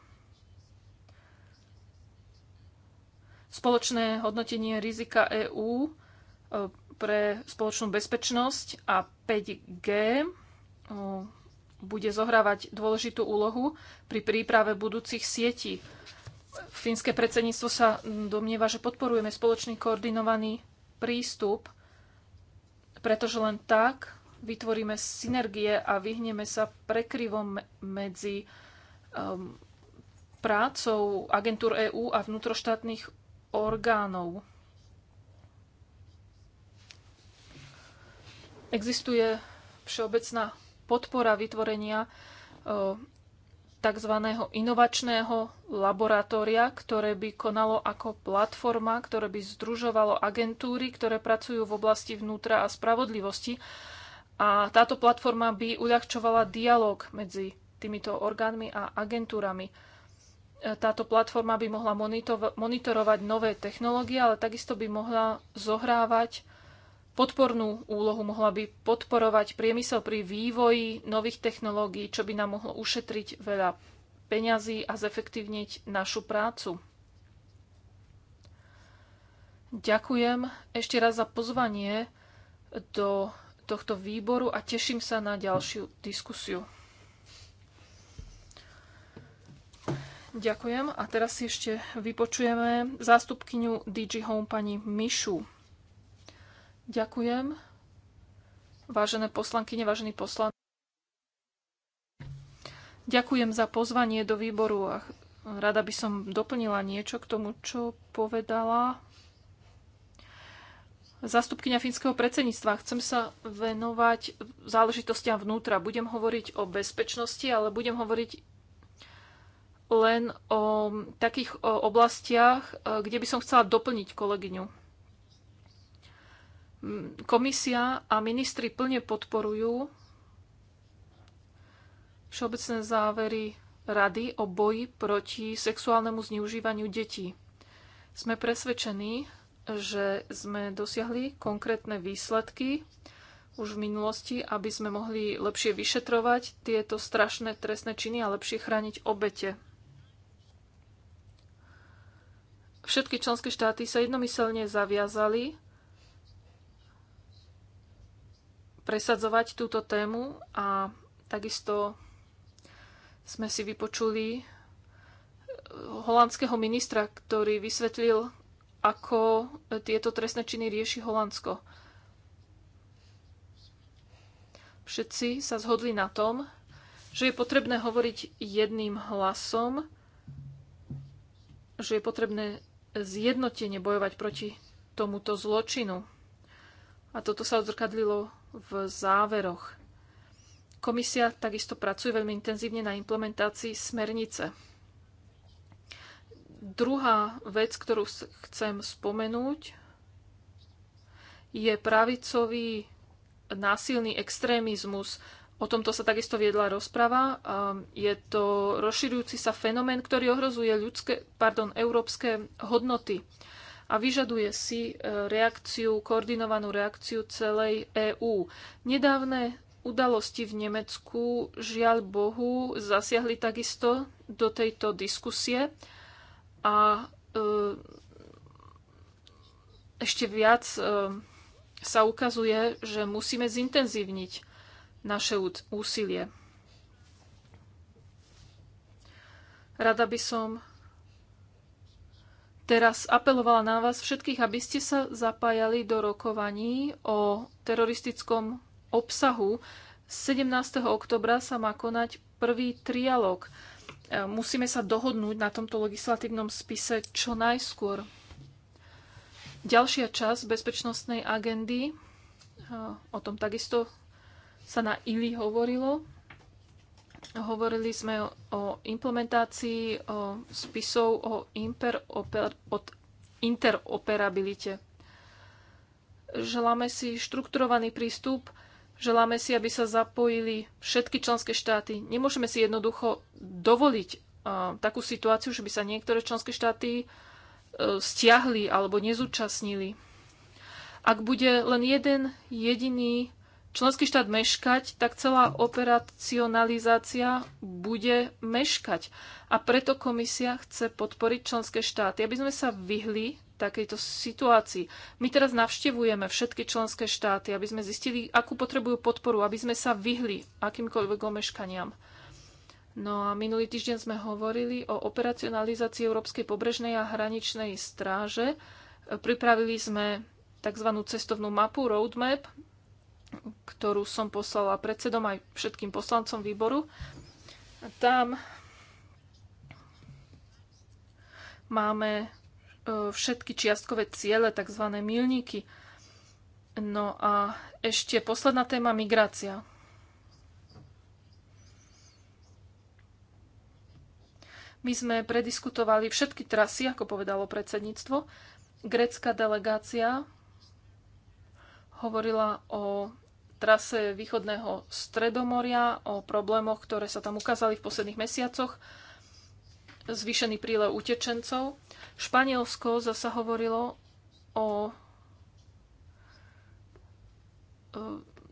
Spoločné hodnotenie rizika EÚ e, pre spoločnú bezpečnosť a 5G bude zohrávať dôležitú úlohu pri príprave budúcich sietí. Fínske predsedníctvo sa domnieva, že podporujeme spoločný koordinovaný prístup, pretože len tak vytvoríme synergie a vyhneme sa prekryvom medzi um, prácou agentúr EÚ a vnútroštátnych orgánov. Existuje všeobecná podpora vytvorenia e, tzv. inovačného laboratória, ktoré by konalo ako platforma, ktoré by združovalo agentúry, ktoré pracujú v oblasti vnútra a spravodlivosti. A táto platforma by uľahčovala dialog medzi týmito orgánmi a agentúrami. E, táto platforma by mohla monitorovať nové technológie, ale takisto by mohla zohrávať podpornú úlohu, mohla by podporovať priemysel pri vývoji nových technológií, čo by nám mohlo ušetriť veľa peňazí a zefektívniť našu prácu. Ďakujem ešte raz za pozvanie do tohto výboru a teším sa na ďalšiu diskusiu. Ďakujem a teraz si ešte vypočujeme zástupkyňu DG Home pani Mišu. Ďakujem. Vážené poslankyne, vážení poslanci. Ďakujem za pozvanie do výboru a rada by som doplnila niečo k tomu, čo povedala zastupkynia fínskeho predsedníctva. Chcem sa venovať záležitostiam vnútra. Budem hovoriť o bezpečnosti, ale budem hovoriť len o takých oblastiach, eh, kde by som chcela doplniť kolegyňu. Komisia a ministri plne podporujú všeobecné závery Rady o boji proti sexuálnemu zneužívaniu detí. Sme presvedčení, že sme dosiahli konkrétne výsledky už v minulosti, aby sme mohli lepšie vyšetrovať tieto strašné trestné činy a lepšie chrániť obete. Všetky členské štáty sa jednomyselne zaviazali presadzovať túto tému a takisto sme si vypočuli eh, holandského ministra, ktorý vysvetlil, ako eh, tieto trestné činy rieši Holandsko. Všetci sa zhodli na tom, že je potrebné hovoriť jedným hlasom, že je potrebné zjednotenie bojovať proti tomuto zločinu. A toto sa odzrkadlilo v záveroch. Komisia takisto pracuje veľmi intenzívne na implementácii smernice. Druhá vec, ktorú chcem spomenúť, je pravicový násilný extrémizmus. O tomto sa takisto viedla rozprava. Ehm, je to rozširujúci sa fenomén, ktorý ohrozuje ľudské, pardon, európske hodnoty a vyžaduje si e, reakciu, koordinovanú reakciu celej EÚ. Nedávne udalosti v Nemecku, žiaľ Bohu, zasiahli takisto do tejto diskusie a e, ešte viac e, sa ukazuje, že musíme zintenzívniť naše úsilie. Rada by som teraz apelovala na vás všetkých, aby ste sa zapájali do rokovaní o teroristickom obsahu. 17. oktobra sa má konať prvý trialog. E, musíme sa dohodnúť na tomto legislatívnom spise čo najskôr. Ďalšia časť bezpečnostnej agendy, e, o tom takisto sa na ILI hovorilo, Hovorili sme o implementácii o spisov o interoperabilite. Želáme si štrukturovaný prístup, želáme si, aby sa zapojili všetky členské štáty. Nemôžeme si jednoducho dovoliť takú situáciu, že by sa niektoré členské štáty e, stiahli alebo nezúčastnili. Ak bude len jeden jediný členský štát meškať, tak celá operacionalizácia bude meškať. A preto komisia chce podporiť členské štáty, aby sme sa vyhli takejto situácii. My teraz navštevujeme všetky členské štáty, aby sme zistili, akú potrebujú podporu, aby sme sa vyhli akýmkoľvek omeškaniam. No a minulý týždeň sme hovorili o operacionalizácii Európskej pobrežnej a hraničnej stráže. Pripravili sme tzv. cestovnú mapu, roadmap, ktorú som poslala predsedom aj všetkým poslancom výboru. Tam máme e, všetky čiastkové ciele, tzv. milníky. No a ešte posledná téma migrácia. My sme prediskutovali všetky trasy, ako povedalo predsedníctvo. Grécka delegácia hovorila o trase východného Stredomoria, o problémoch, ktoré sa tam ukázali v posledných mesiacoch, zvýšený prílev utečencov. Španielsko zasa hovorilo o e,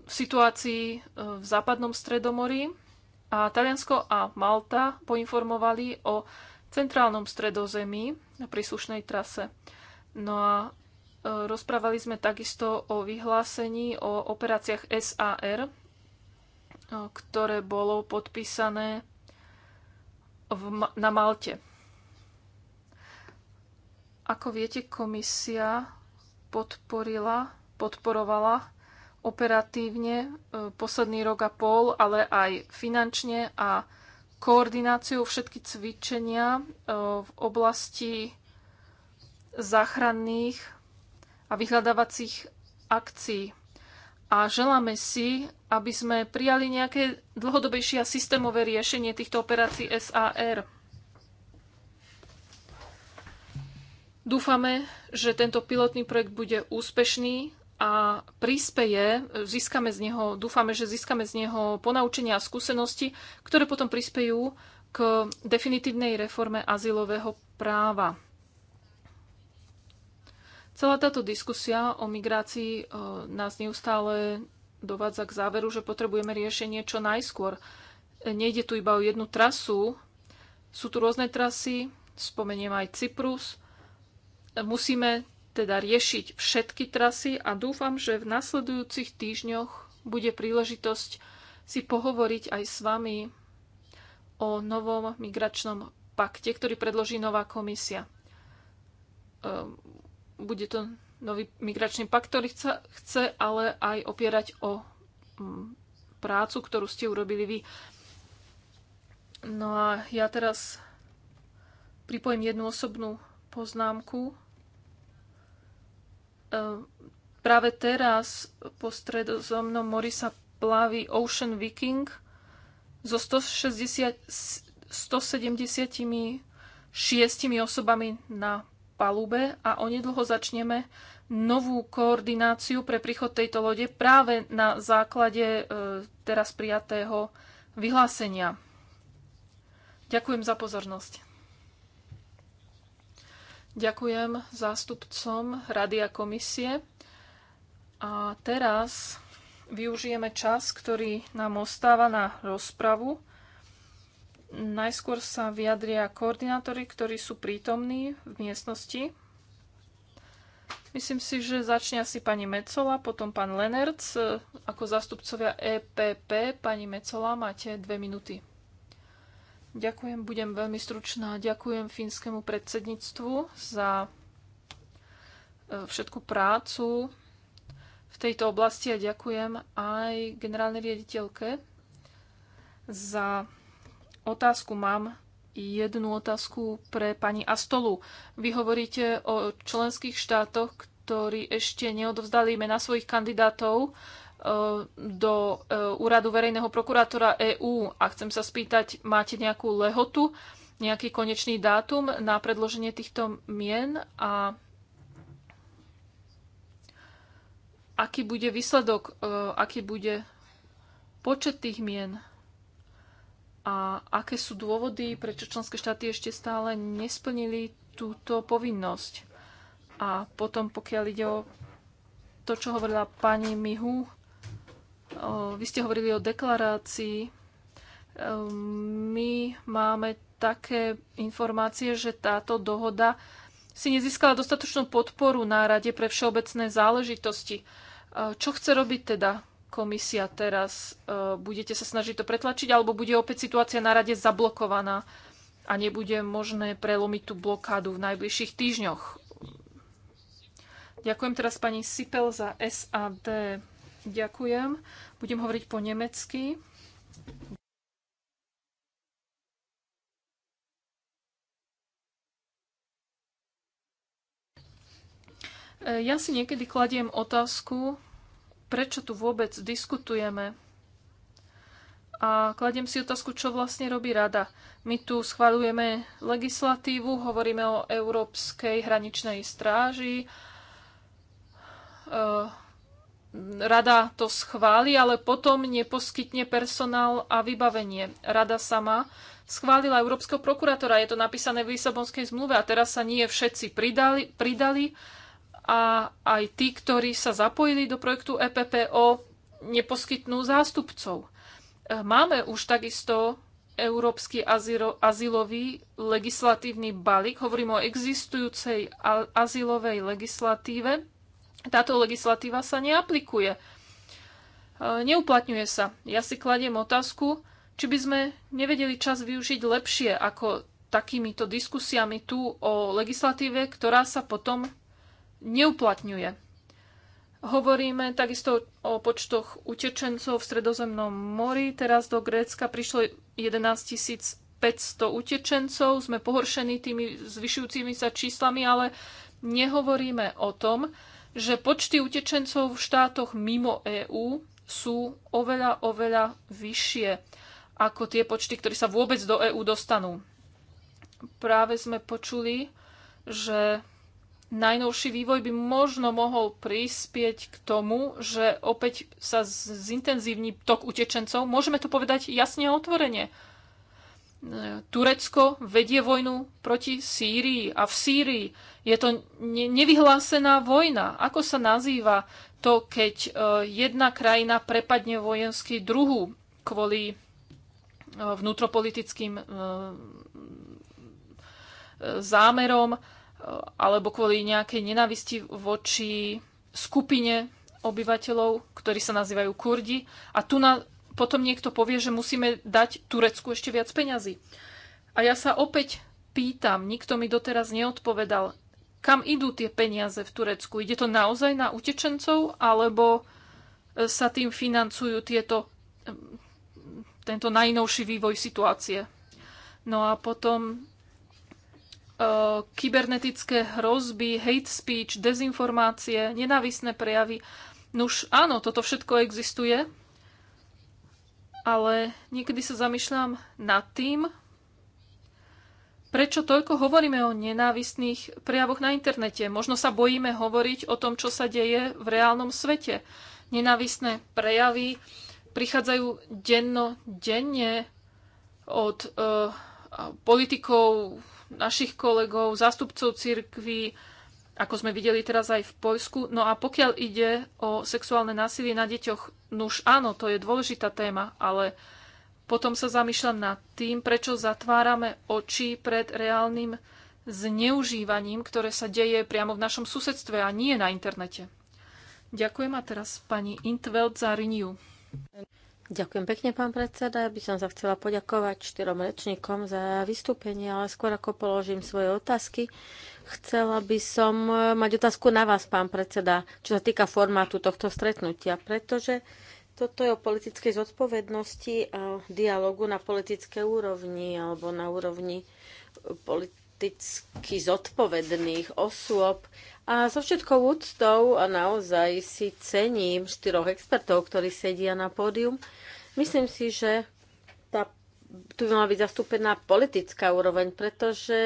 situácii e, v západnom Stredomorí a Taliansko a Malta poinformovali o centrálnom stredozemí na príslušnej trase. No a Rozprávali sme takisto o vyhlásení o operáciách SAR, ktoré bolo podpísané v, na Malte. Ako viete, komisia podporila, podporovala operatívne e, posledný rok a pol, ale aj finančne a koordináciu všetky cvičenia e, v oblasti záchranných a vyhľadávacích akcií. A želáme si, aby sme prijali nejaké dlhodobejšie a systémové riešenie týchto operácií SAR. Dúfame, že tento pilotný projekt bude úspešný a príspeje, získame z neho, dúfame, že získame z neho ponaučenia a skúsenosti, ktoré potom prispejú k definitívnej reforme azylového práva. Celá táto diskusia o migrácii e, nás neustále dovádza k záveru, že potrebujeme riešenie čo najskôr. E, nejde tu iba o jednu trasu. Sú tu rôzne trasy, spomeniem aj Cyprus. E, musíme teda riešiť všetky trasy a dúfam, že v nasledujúcich týždňoch bude príležitosť si pohovoriť aj s vami o novom migračnom pakte, ktorý predloží nová komisia bude to nový migračný pakt, ktorý chce, chce ale aj opierať o mm, prácu, ktorú ste urobili vy. No a ja teraz pripojím jednu osobnú poznámku. E, práve teraz po stredozomnom mori sa plaví Ocean Viking so 160, 176 osobami na palube a onedlho začneme novú koordináciu pre príchod tejto lode práve na základe e, teraz prijatého vyhlásenia. Ďakujem za pozornosť. Ďakujem zástupcom Rady a komisie. A teraz využijeme čas, ktorý nám ostáva na rozpravu. Najskôr sa vyjadria koordinátori, ktorí sú prítomní v miestnosti. Myslím si, že začne asi pani Mecola, potom pán Lenertz. Ako zastupcovia EPP, pani Mecola, máte dve minúty. Ďakujem, budem veľmi stručná. Ďakujem fínskemu predsedníctvu za e, všetku prácu v tejto oblasti a ďakujem aj generálnej riaditeľke za otázku mám jednu otázku pre pani Astolu. Vy hovoríte o členských štátoch, ktorí ešte neodovzdali mena svojich kandidátov e, do e, Úradu verejného prokurátora EÚ. A chcem sa spýtať, máte nejakú lehotu, nejaký konečný dátum na predloženie týchto mien a aký bude výsledok, e, aký bude počet tých mien? a aké sú dôvody, prečo členské štáty ešte stále nesplnili túto povinnosť. A potom, pokiaľ ide o to, čo hovorila pani Mihu, vy ste hovorili o deklarácii. Ehm, my máme také informácie, že táto dohoda si nezískala dostatočnú podporu na Rade pre všeobecné záležitosti. Ehm, čo chce robiť teda komisia teraz? E, budete sa snažiť to pretlačiť, alebo bude opäť situácia na rade zablokovaná a nebude možné prelomiť tú blokádu v najbližších týždňoch? Ďakujem teraz pani Sipel za SAD. Ďakujem. Budem hovoriť po nemecky. E, ja si niekedy kladiem otázku, prečo tu vôbec diskutujeme. A kladiem si otázku, čo vlastne robí rada. My tu schvaľujeme legislatívu, hovoríme o Európskej hraničnej stráži. E, rada to schváli, ale potom neposkytne personál a vybavenie. Rada sama schválila Európskeho prokurátora. Je to napísané v Lisabonskej zmluve a teraz sa nie všetci pridali, pridali a aj tí, ktorí sa zapojili do projektu EPPO, neposkytnú zástupcov. E, máme už takisto Európsky azylo, azylový legislatívny balík. Hovorím o existujúcej azylovej legislatíve. Táto legislatíva sa neaplikuje. E, neuplatňuje sa. Ja si kladiem otázku, či by sme nevedeli čas využiť lepšie ako takýmito diskusiami tu o legislatíve, ktorá sa potom neuplatňuje. Hovoríme takisto o počtoch utečencov v Stredozemnom mori. Teraz do Grécka prišlo 11 500 utečencov. Sme pohoršení tými zvyšujúcimi sa číslami, ale nehovoríme o tom, že počty utečencov v štátoch mimo EÚ sú oveľa, oveľa vyššie ako tie počty, ktoré sa vôbec do EÚ dostanú. Práve sme počuli, že najnovší vývoj by možno mohol prispieť k tomu, že opäť sa zintenzívni tok utečencov. Môžeme to povedať jasne a otvorene. E, Turecko vedie vojnu proti Sýrii a v Sýrii je to nevyhlásená vojna. Ako sa nazýva to, keď e, jedna krajina prepadne vojenský druhu kvôli e, vnútropolitickým zámerom? alebo kvôli nejakej nenávisti voči skupine obyvateľov, ktorí sa nazývajú Kurdi. A tu na, potom niekto povie, že musíme dať Turecku ešte viac peňazí. A ja sa opäť pýtam, nikto mi doteraz neodpovedal, kam idú tie peniaze v Turecku. Ide to naozaj na utečencov, alebo e, sa tým financujú tieto, e, tento najnovší vývoj situácie. No a potom E, kybernetické hrozby, hate speech, dezinformácie, nenávisné prejavy. Nuž áno, toto všetko existuje, ale niekedy sa zamýšľam nad tým, prečo toľko hovoríme o nenávistných prejavoch na internete. Možno sa bojíme hovoriť o tom, čo sa deje v reálnom svete. Nenávistné prejavy prichádzajú denno, denne od e, politikov, našich kolegov, zástupcov cirkvy, ako sme videli teraz aj v Poľsku. No a pokiaľ ide o sexuálne násilie na deťoch, nuž áno, to je dôležitá téma, ale potom sa zamýšľam nad tým, prečo zatvárame oči pred reálnym zneužívaním, ktoré sa deje priamo v našom susedstve a nie na internete. Ďakujem a teraz pani Intveld za Riniu. Ďakujem pekne, pán predseda. Ja by som sa chcela poďakovať štyrom rečníkom za vystúpenie, ale skôr ako položím svoje otázky, chcela by som eh, mať otázku na vás, pán predseda, čo sa týka formátu tohto stretnutia, pretože toto je o politickej zodpovednosti a dialogu na politické úrovni alebo na úrovni politických zodpovedných osôb a so všetkou úctou a naozaj si cením štyroch expertov, ktorí sedia na pódium. Myslím si, že tá, tu by mala byť zastúpená politická úroveň, pretože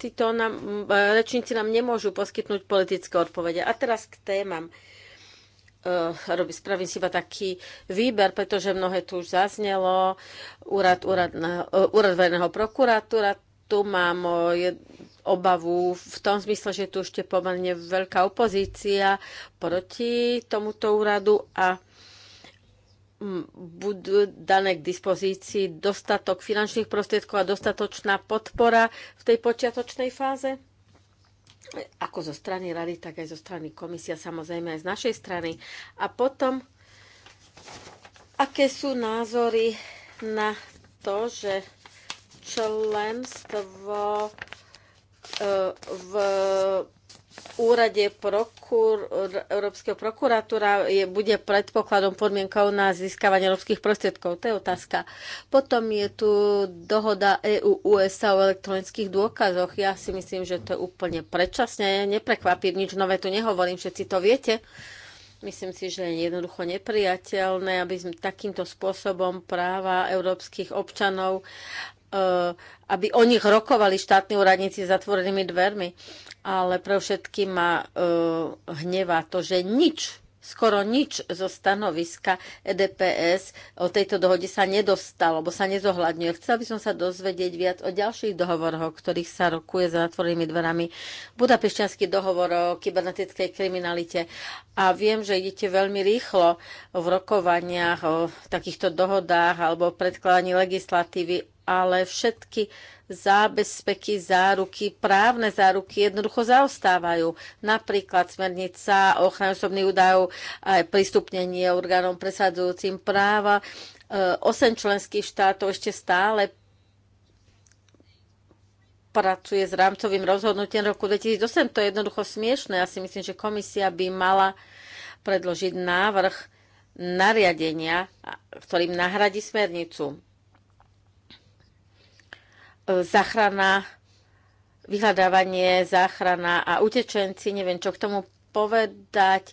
títo nám, e, rečníci nám nemôžu poskytnúť politické odpovede. A teraz k témam. Uh, e, robí, spravím si iba taký výber, pretože mnohé tu už zaznelo. Úrad, úrad, uh, úrad verejného prokuratúra, tu mám uh, obavu v tom zmysle, že je tu ešte pomerne veľká opozícia proti tomuto úradu a budú dané k dispozícii dostatok finančných prostriedkov a dostatočná podpora v tej počiatočnej fáze? Ako zo strany rady, tak aj zo strany komisia, samozrejme aj z našej strany. A potom, aké sú názory na to, že členstvo v úrade prokur, Európskeho prokuratúra je, bude predpokladom podmienkou na získavanie európskych prostriedkov. To je otázka. Potom je tu dohoda EU-USA o elektronických dôkazoch. Ja si myslím, že to je úplne predčasne. Neprekvapím nič nové tu nehovorím, všetci to viete. Myslím si, že je jednoducho nepriateľné, aby sme takýmto spôsobom práva európskych občanov Eh, aby o nich rokovali štátni úradníci s zatvorenými dvermi. Ale pre všetky ma eh, hnevá to, že nič, skoro nič zo stanoviska EDPS o tejto dohode sa nedostalo, bo sa nezohľadňuje. Chcela by som sa dozvedieť viac o ďalších dohovoroch, o ktorých sa rokuje za zatvorenými dverami. Budapešťanský dohovor o kybernetickej kriminalite. A viem, že idete veľmi rýchlo v rokovaniach o takýchto dohodách alebo predkladaní legislatívy ale všetky zábezpeky, záruky, právne záruky jednoducho zaostávajú. Napríklad smernica o ochrane osobných údajov aj prístupnenie orgánom presadzujúcim práva. E, osem členských štátov ešte stále pracuje s rámcovým rozhodnutím roku 2008. To je jednoducho smiešné. Ja si myslím, že komisia by mala predložiť návrh nariadenia, ktorým nahradí smernicu E, záchrana, vyhľadávanie, záchrana a utečenci, neviem čo k tomu povedať.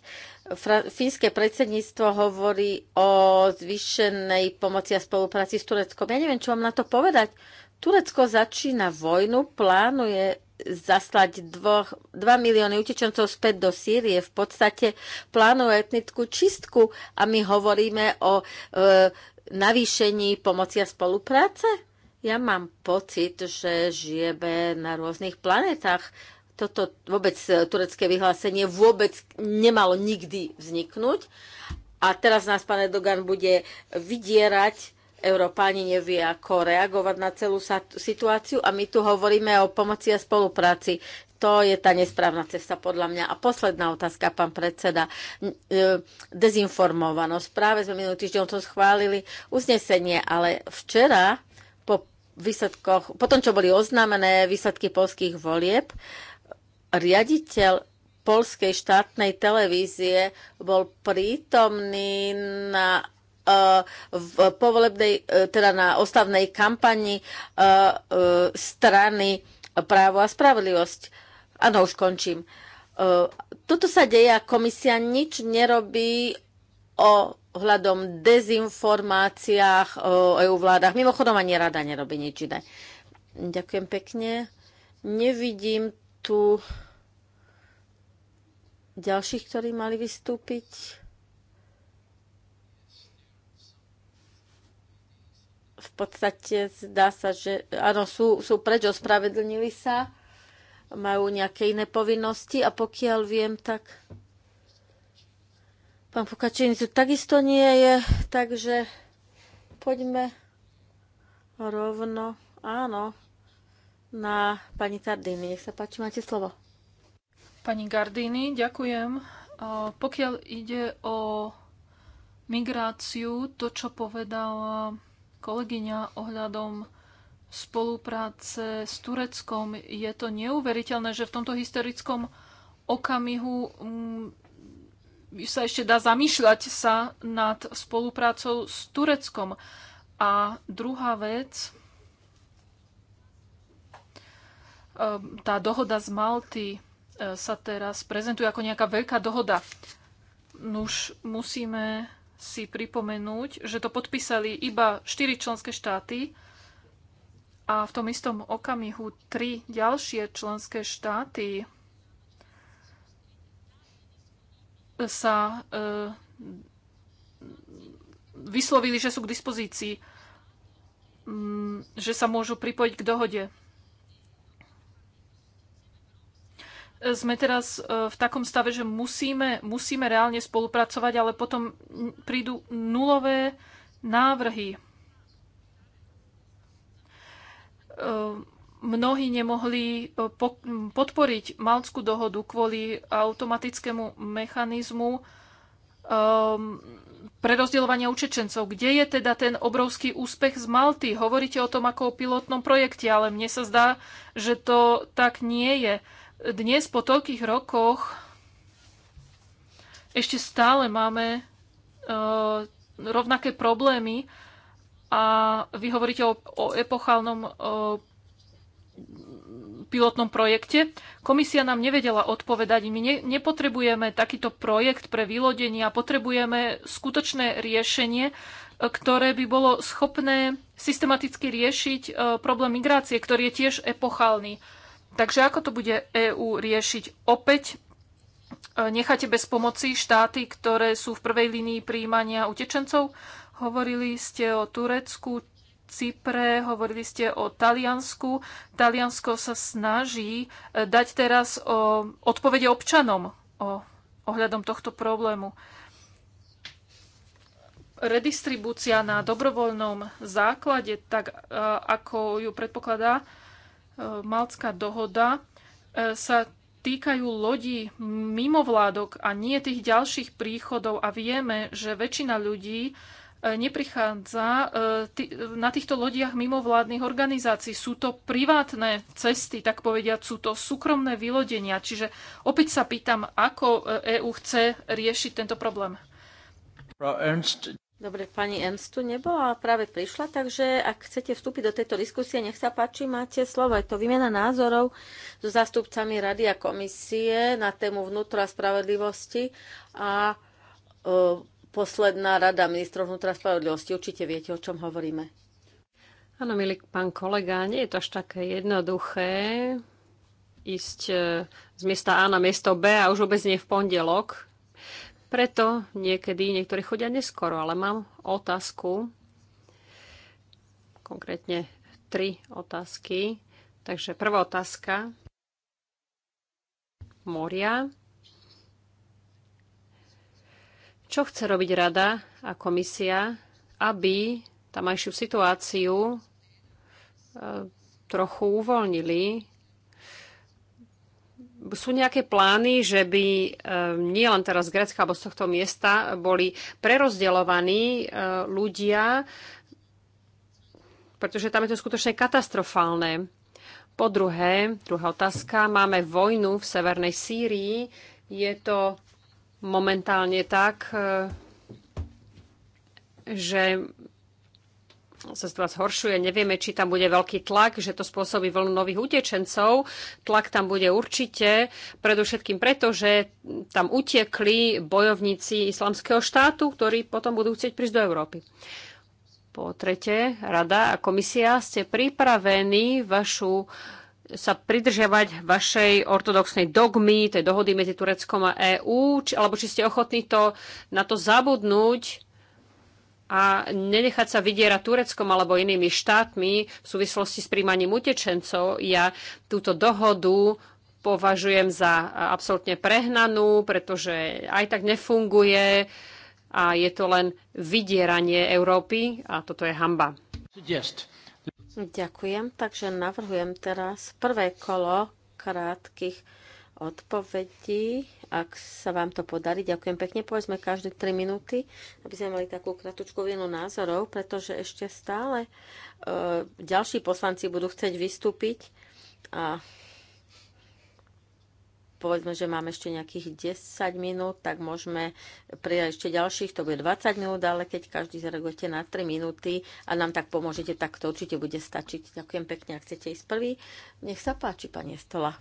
fínske predsedníctvo hovorí o zvýšenej pomoci a spolupráci s Tureckom. Ja neviem, čo vám na to povedať. Turecko začína vojnu, plánuje zaslať 2 milióny utečencov späť do Sýrie. V podstate plánuje etnickú čistku a my hovoríme o e, navýšení pomoci a spolupráce? Ja mám pocit, že žijeme na rôznych planetách. Toto vôbec e, turecké vyhlásenie vôbec nemalo nikdy vzniknúť. A teraz nás pán Erdogan bude vydierať, Európáni nevie, ako reagovať na celú situáciu a my tu hovoríme o pomoci a spolupráci. To je tá nesprávna cesta podľa mňa. A posledná otázka, pán predseda. E, dezinformovanosť. Práve sme minulý týždeň to schválili uznesenie, ale včera výsledkoch, po tom, čo boli oznámené výsledky polských volieb, riaditeľ polskej štátnej televízie bol prítomný na e, v povolebnej, e, teda na ostavnej kampani e, strany Právo a spravodlivosť. Áno, už končím. Toto sa deje a komisia nič nerobí o ohľadom dezinformáciách o EU vládach. Mimochodom ani rada nerobí nič iné. Ďakujem pekne. Nevidím tu ďalších, ktorí mali vystúpiť. V podstate zdá sa, že áno, sú, sú preč, ospravedlnili sa, majú nejaké iné povinnosti a pokiaľ viem, tak Pán Pukačiny tu takisto nie je, takže poďme rovno, áno, na pani Tardini. Nech sa páči, máte slovo. Pani Gardini, ďakujem. Pokiaľ ide o migráciu, to, čo povedala kolegyňa ohľadom spolupráce s Tureckom, je to neuveriteľné, že v tomto historickom okamihu mm, sa ešte dá zamýšľať sa nad spoluprácou s Tureckom. A druhá vec, ehm, tá dohoda z Malty e, sa teraz prezentuje ako nejaká veľká dohoda. Nuž musíme si pripomenúť, že to podpísali iba 4 členské štáty a v tom istom okamihu tri ďalšie členské štáty sa e, vyslovili, že sú k dispozícii, že sa môžu pripojiť k dohode. Sme teraz e, v takom stave, že musíme, musíme reálne spolupracovať, ale potom prídu nulové návrhy e, mnohí nemohli eh, podporiť Malckú dohodu kvôli automatickému mechanizmu um, prerozdeľovania učečencov. Kde je teda ten obrovský úspech z Malty? Hovoríte o tom ako o pilotnom projekte, ale mne sa zdá, že to tak nie je. Dnes po toľkých rokoch ešte stále máme uh, rovnaké problémy a vy hovoríte o, o epochálnom uh, eh, pilotnom projekte. Komisia nám nevedela odpovedať. My ne, nepotrebujeme takýto projekt pre vylodenie a potrebujeme skutočné riešenie, e, ktoré by bolo schopné systematicky riešiť e, problém migrácie, ktorý je tiež epochálny. Takže ako to bude EÚ riešiť? Opäť e, necháte bez pomoci štáty, ktoré sú v prvej línii príjmania utečencov? Hovorili ste o Turecku, Cypre, hovorili ste o Taliansku. Taliansko sa snaží e, dať teraz o odpovede občanom o, ohľadom tohto problému. Redistribúcia na dobrovoľnom základe, tak e, ako ju predpokladá e, Malcká dohoda, sa týkajú lodí mimovládok a nie tých ďalších príchodov a vieme, že väčšina ľudí neprichádza e, na týchto lodiach mimovládnych organizácií. Sú to privátne cesty, tak povediať, sú to súkromné vylodenia. Čiže opäť sa pýtam, ako EÚ e chce riešiť tento problém. Dobre, pani Ems tu nebola, práve prišla, takže ak chcete vstúpiť do tejto diskusie, nech sa páči, máte slovo. Je to výmena názorov so zástupcami Rady a komisie na tému vnútra spravedlivosti a posledná rada ministrov vnútra spravodlivosti. Určite viete, o čom hovoríme. Áno, milý pán kolega, nie je to až také jednoduché ísť e, z miesta A na miesto B a už vôbec nie v pondelok. Preto niekedy niektorí chodia neskoro, ale mám otázku, konkrétne tri otázky. Takže prvá otázka. Moria. Čo chce robiť rada a komisia, aby tamajšiu situáciu e, trochu uvoľnili. Sú nejaké plány, že by e, nie len teraz z Grecka alebo z tohto miesta boli prerozdeľovaní e, ľudia, pretože tam je to skutočne katastrofálne. Po druhé, druhá otázka, máme vojnu v severnej Sýrii. Je to momentálne tak, e, že sa z vás horšuje. Nevieme, či tam bude veľký tlak, že to spôsobí vlnu nových utečencov. Tlak tam bude určite, predovšetkým preto, že tam utekli bojovníci islamského štátu, ktorí potom budú chcieť prísť do Európy. Po tretie, rada a komisia ste pripravení vašu uh, sa pridržiavať vašej ortodoxnej dogmy, tej dohody medzi Tureckom a EÚ, či, alebo či ste ochotní to, na to zabudnúť a nenechať sa vydierať Tureckom alebo inými štátmi v súvislosti s príjmaním utečencov. Ja túto dohodu považujem za absolútne prehnanú, pretože aj tak nefunguje a je to len vydieranie Európy a toto je hamba. Suggest. Ďakujem. Takže navrhujem teraz prvé kolo krátkych odpovedí. Ak sa vám to podarí, ďakujem pekne. Povedzme každé 3 minúty, aby sme mali takú kratučku vienu názorov, pretože ešte stále e, ďalší poslanci budú chcieť vystúpiť a povedzme, že máme ešte nejakých 10 minút, tak môžeme prijať ešte ďalších, to bude 20 minút, ale keď každý zareagujete na 3 minúty a nám tak pomôžete, tak to určite bude stačiť. Ďakujem pekne, ak chcete ísť prvý. Nech sa páči, pani Stola.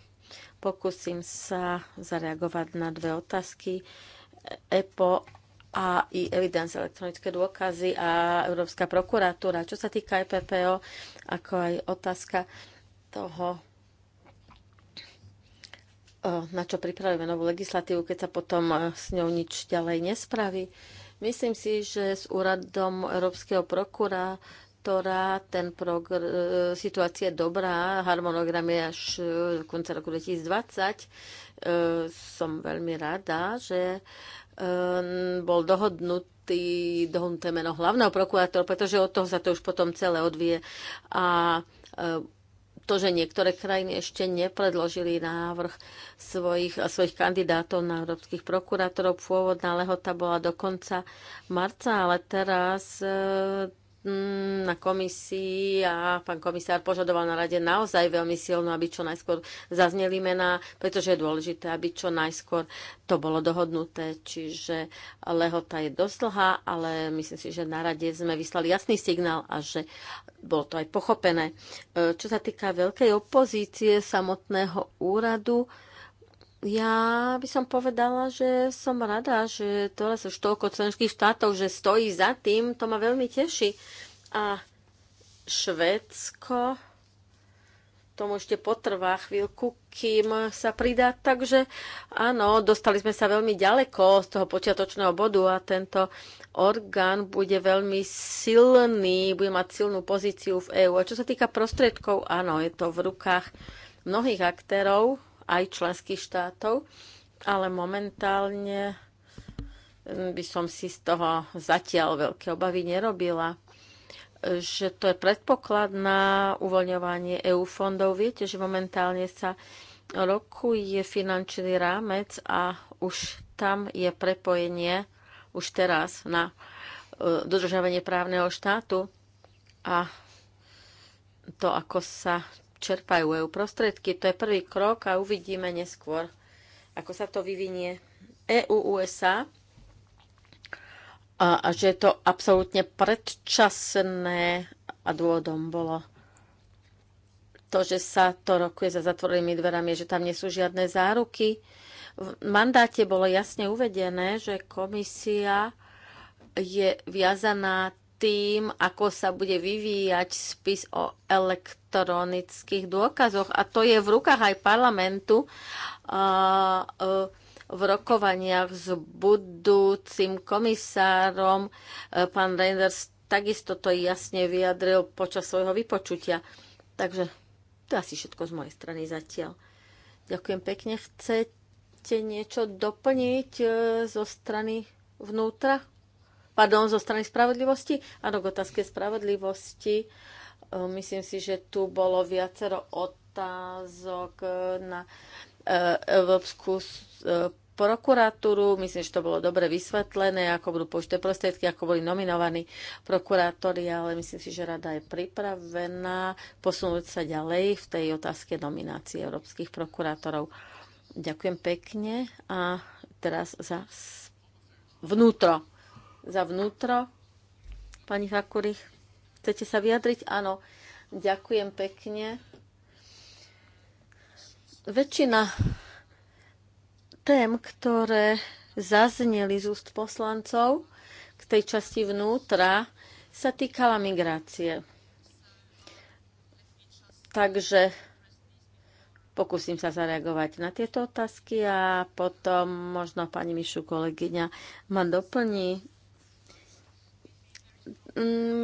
Pokúsim sa zareagovať na dve otázky. EPO a i evidence elektronické dôkazy a Európska prokuratúra. Čo sa týka EPPO, ako aj otázka toho E, na čo pripravíme novú legislatívu, keď sa potom e, s ňou nič ďalej nespraví. Myslím si, že s úradom Európskeho prokurátora ten progr- e, situácia je dobrá, harmonogram je až do konca roku 2020. som veľmi rada, že bol dohodnutý dohodnuté meno hlavného prokurátora, pretože od toho sa to už potom celé odvie. A to, že niektoré krajiny ešte nepredložili návrh svojich, svojich kandidátov na európskych prokurátorov. Pôvodná lehota bola do konca marca, ale teraz e, mm, na komisii a pán komisár požadoval na rade naozaj veľmi silno, aby čo najskôr zazneli mená, pretože je dôležité, aby čo najskôr to bolo dohodnuté. Čiže lehota je dosť dlhá, ale myslím si, že na rade sme vyslali jasný signál a že bolo to aj pochopené. E, čo sa týka veľkej opozície samotného úradu, ja by som povedala, že som rada, že to sú toľko členských štátov, že stojí za tým, to ma veľmi teší. A Švedsko tomu ešte potrvá chvíľku, kým sa pridá. Takže áno, dostali sme sa veľmi ďaleko z toho počiatočného bodu a tento orgán bude veľmi silný, bude mať silnú pozíciu v EÚ. A čo sa týka prostriedkov, áno, je to v rukách mnohých aktérov, aj členských štátov, ale momentálne by som si z toho zatiaľ veľké obavy nerobila že to je predpoklad na uvoľňovanie EU fondov. Viete, že momentálne sa rokuje finančný rámec a už tam je prepojenie už teraz na e, dodržavanie právneho štátu a to, ako sa čerpajú EU prostriedky. To je prvý krok a uvidíme neskôr, ako sa to vyvinie. EU-USA a, a že je to absolútne predčasné a dôvodom bolo to, že sa to rokuje za zatvorenými dverami, že tam nie sú žiadne záruky. V mandáte bolo jasne uvedené, že komisia je viazaná tým, ako sa bude vyvíjať spis o elektronických dôkazoch. A to je v rukách aj parlamentu. A, a, e, v rokovaniach s budúcim komisárom. Eh, pán Reinders takisto to jasne vyjadril počas svojho vypočutia. Takže to asi všetko z mojej strany zatiaľ. Ďakujem pekne. Chcete niečo doplniť eh, zo strany vnútra? Pardon, zo strany spravodlivosti? Áno, k otázke spravodlivosti. Eh, myslím si, že tu bolo viacero otázok na Európsku e, prokuratúru. Myslím, že to bolo dobre vysvetlené, ako budú použité prostriedky, ako boli nominovaní prokurátori, ale myslím si, že rada je pripravená posunúť sa ďalej v tej otázke nominácie európskych prokurátorov. Ďakujem pekne a teraz za vnútro. Za vnútro, pani Hakurich, chcete sa vyjadriť? Áno, ďakujem pekne väčšina tém, ktoré zazneli z úst poslancov k tej časti vnútra, sa týkala migrácie. Takže pokúsim sa zareagovať na tieto otázky a potom možno pani Mišu kolegyňa ma doplní.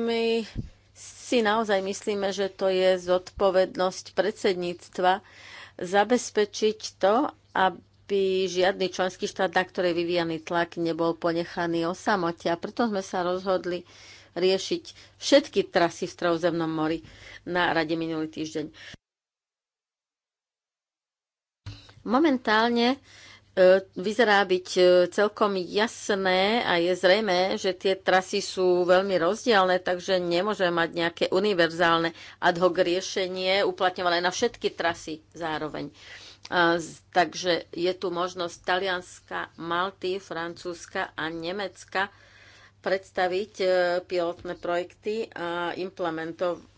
My si naozaj myslíme, že to je zodpovednosť predsedníctva, zabezpečiť to, aby žiadny členský štát, na ktorý vyvíjaný tlak nebol ponechaný o samote. A preto sme sa rozhodli riešiť všetky trasy v Stredozemnom mori na rade minulý týždeň. Momentálne E, vyzerá byť e, celkom jasné a je zrejme, že tie trasy sú veľmi rozdielne, takže nemôže mať nejaké univerzálne ad hoc riešenie uplatňované na všetky trasy zároveň. E, takže je tu možnosť Talianska, Malty, Francúzska a Nemecka predstaviť pilotné projekty a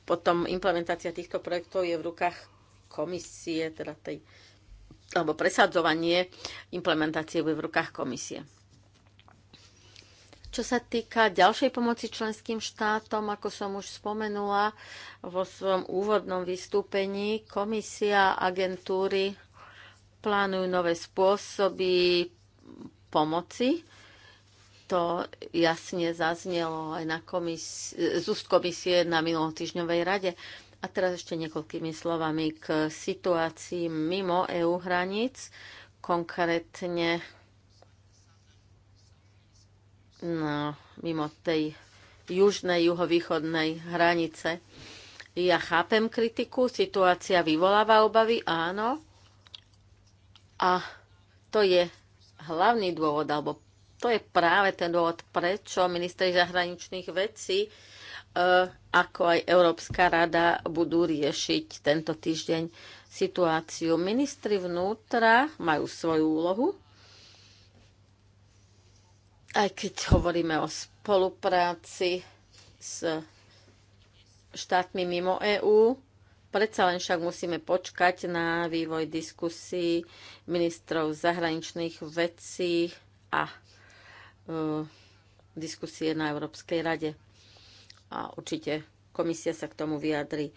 potom implementácia týchto projektov je v rukách komisie, teda tej alebo presadzovanie implementácie bude v rukách komisie. Čo sa týka ďalšej pomoci členským štátom, ako som už spomenula vo svojom úvodnom vystúpení, komisia agentúry plánujú nové spôsoby pomoci. To jasne zaznelo aj na komis- z úst komisie na minulotýžňovej rade. Uh, a teraz ešte niekoľkými slovami k situácii mimo EU hraníc, konkrétne no, mimo tej južnej, juhovýchodnej hranice. Ja chápem kritiku, situácia vyvoláva obavy, áno. A to je hlavný dôvod, alebo to je práve ten dôvod, prečo ministri zahraničných vecí Eh, ako aj Európska rada budú riešiť tento týždeň situáciu. Ministri vnútra majú svoju úlohu, aj keď hovoríme o spolupráci s štátmi mimo EÚ, predsa len však musíme počkať na vývoj diskusí ministrov zahraničných vecí a eh, diskusie na Európskej rade a určite komisia sa k tomu vyjadri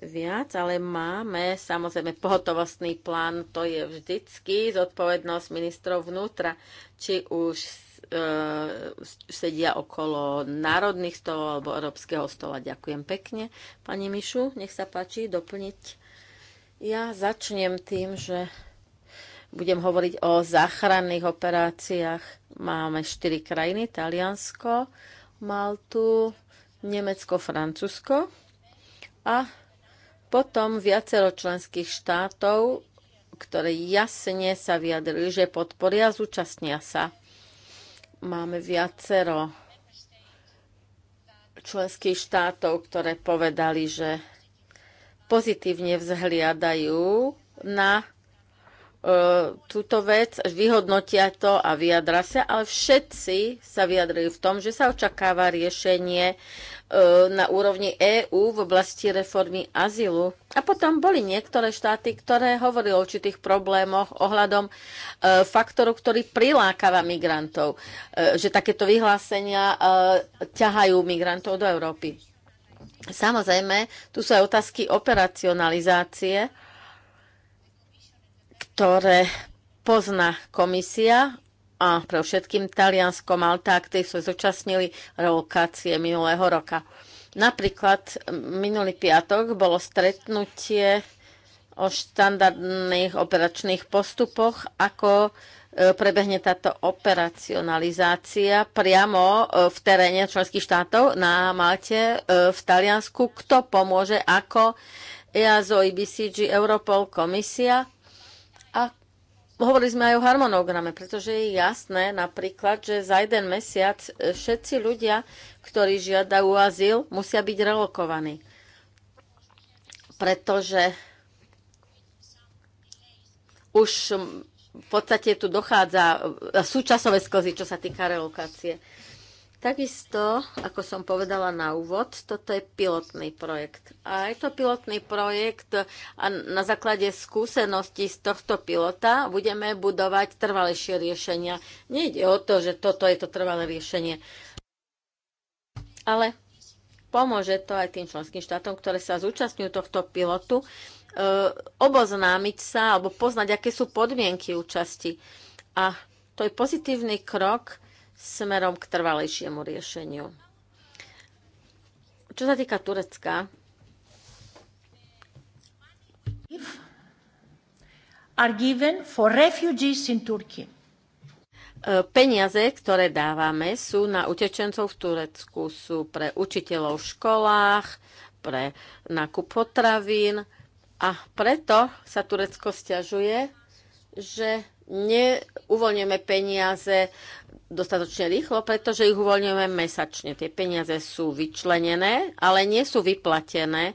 viac, ale máme samozrejme pohotovostný plán, to je vždycky zodpovednosť ministrov vnútra, či už e, sedia okolo národných stolov alebo európskeho stola. Ďakujem pekne. Pani Mišu, nech sa páči doplniť. Ja začnem tým, že budem hovoriť o záchranných operáciách. Máme štyri krajiny, Taliansko, Maltu, Nemecko-Francúzsko a potom viacero členských štátov, ktoré jasne sa vyjadrili, že podporia, zúčastnia sa. Máme viacero členských štátov, ktoré povedali, že pozitívne vzhliadajú na E, túto vec, vyhodnotia to a vyjadra sa, ale všetci sa vyjadrili v tom, že sa očakáva riešenie e, na úrovni EÚ v oblasti reformy azylu. A potom boli niektoré štáty, ktoré hovorili o určitých problémoch ohľadom e, faktoru, ktorý prilákava migrantov, že takéto vyhlásenia ťahajú migrantov do Európy. Samozrejme, tu sú aj otázky operacionalizácie ktoré pozná komisia a pre všetkým Taliansko, Malta, ktorí sa zúčastnili relokácie minulého roka. Napríklad minulý piatok bolo stretnutie o štandardných operačných postupoch, ako e, prebehne táto operacionalizácia priamo e, v teréne členských štátov na Malte e, v Taliansku. Kto pomôže, ako EASO, IBCG, Europol, komisia Hovorili sme aj o harmonograme, pretože je jasné napríklad, že za jeden mesiac e, všetci ľudia, ktorí žiadajú azyl, musia byť relokovaní. Pretože už v podstate tu dochádza e, súčasové sklzy, čo sa týka relokácie. Takisto, ako som povedala na úvod, toto je pilotný projekt. A je to pilotný projekt a na základe skúseností z tohto pilota budeme budovať trvalejšie riešenia. Nejde o to, že toto je to trvalé riešenie. Ale pomôže to aj tým členským štátom, ktoré sa zúčastňujú tohto pilotu, e, oboznámiť sa alebo poznať, aké sú podmienky účasti. A to je pozitívny krok, smerom k trvalejšiemu riešeniu. Čo sa týka Turecka, are given for refugees in Turkey. E, peniaze, ktoré dávame, sú na utečencov v Turecku, sú pre učiteľov v školách, pre nákup potravín a preto sa Turecko stiažuje, že neuvoľňujeme peniaze dostatočne rýchlo, pretože ich uvoľňujeme mesačne. Tie peniaze sú vyčlenené, ale nie sú vyplatené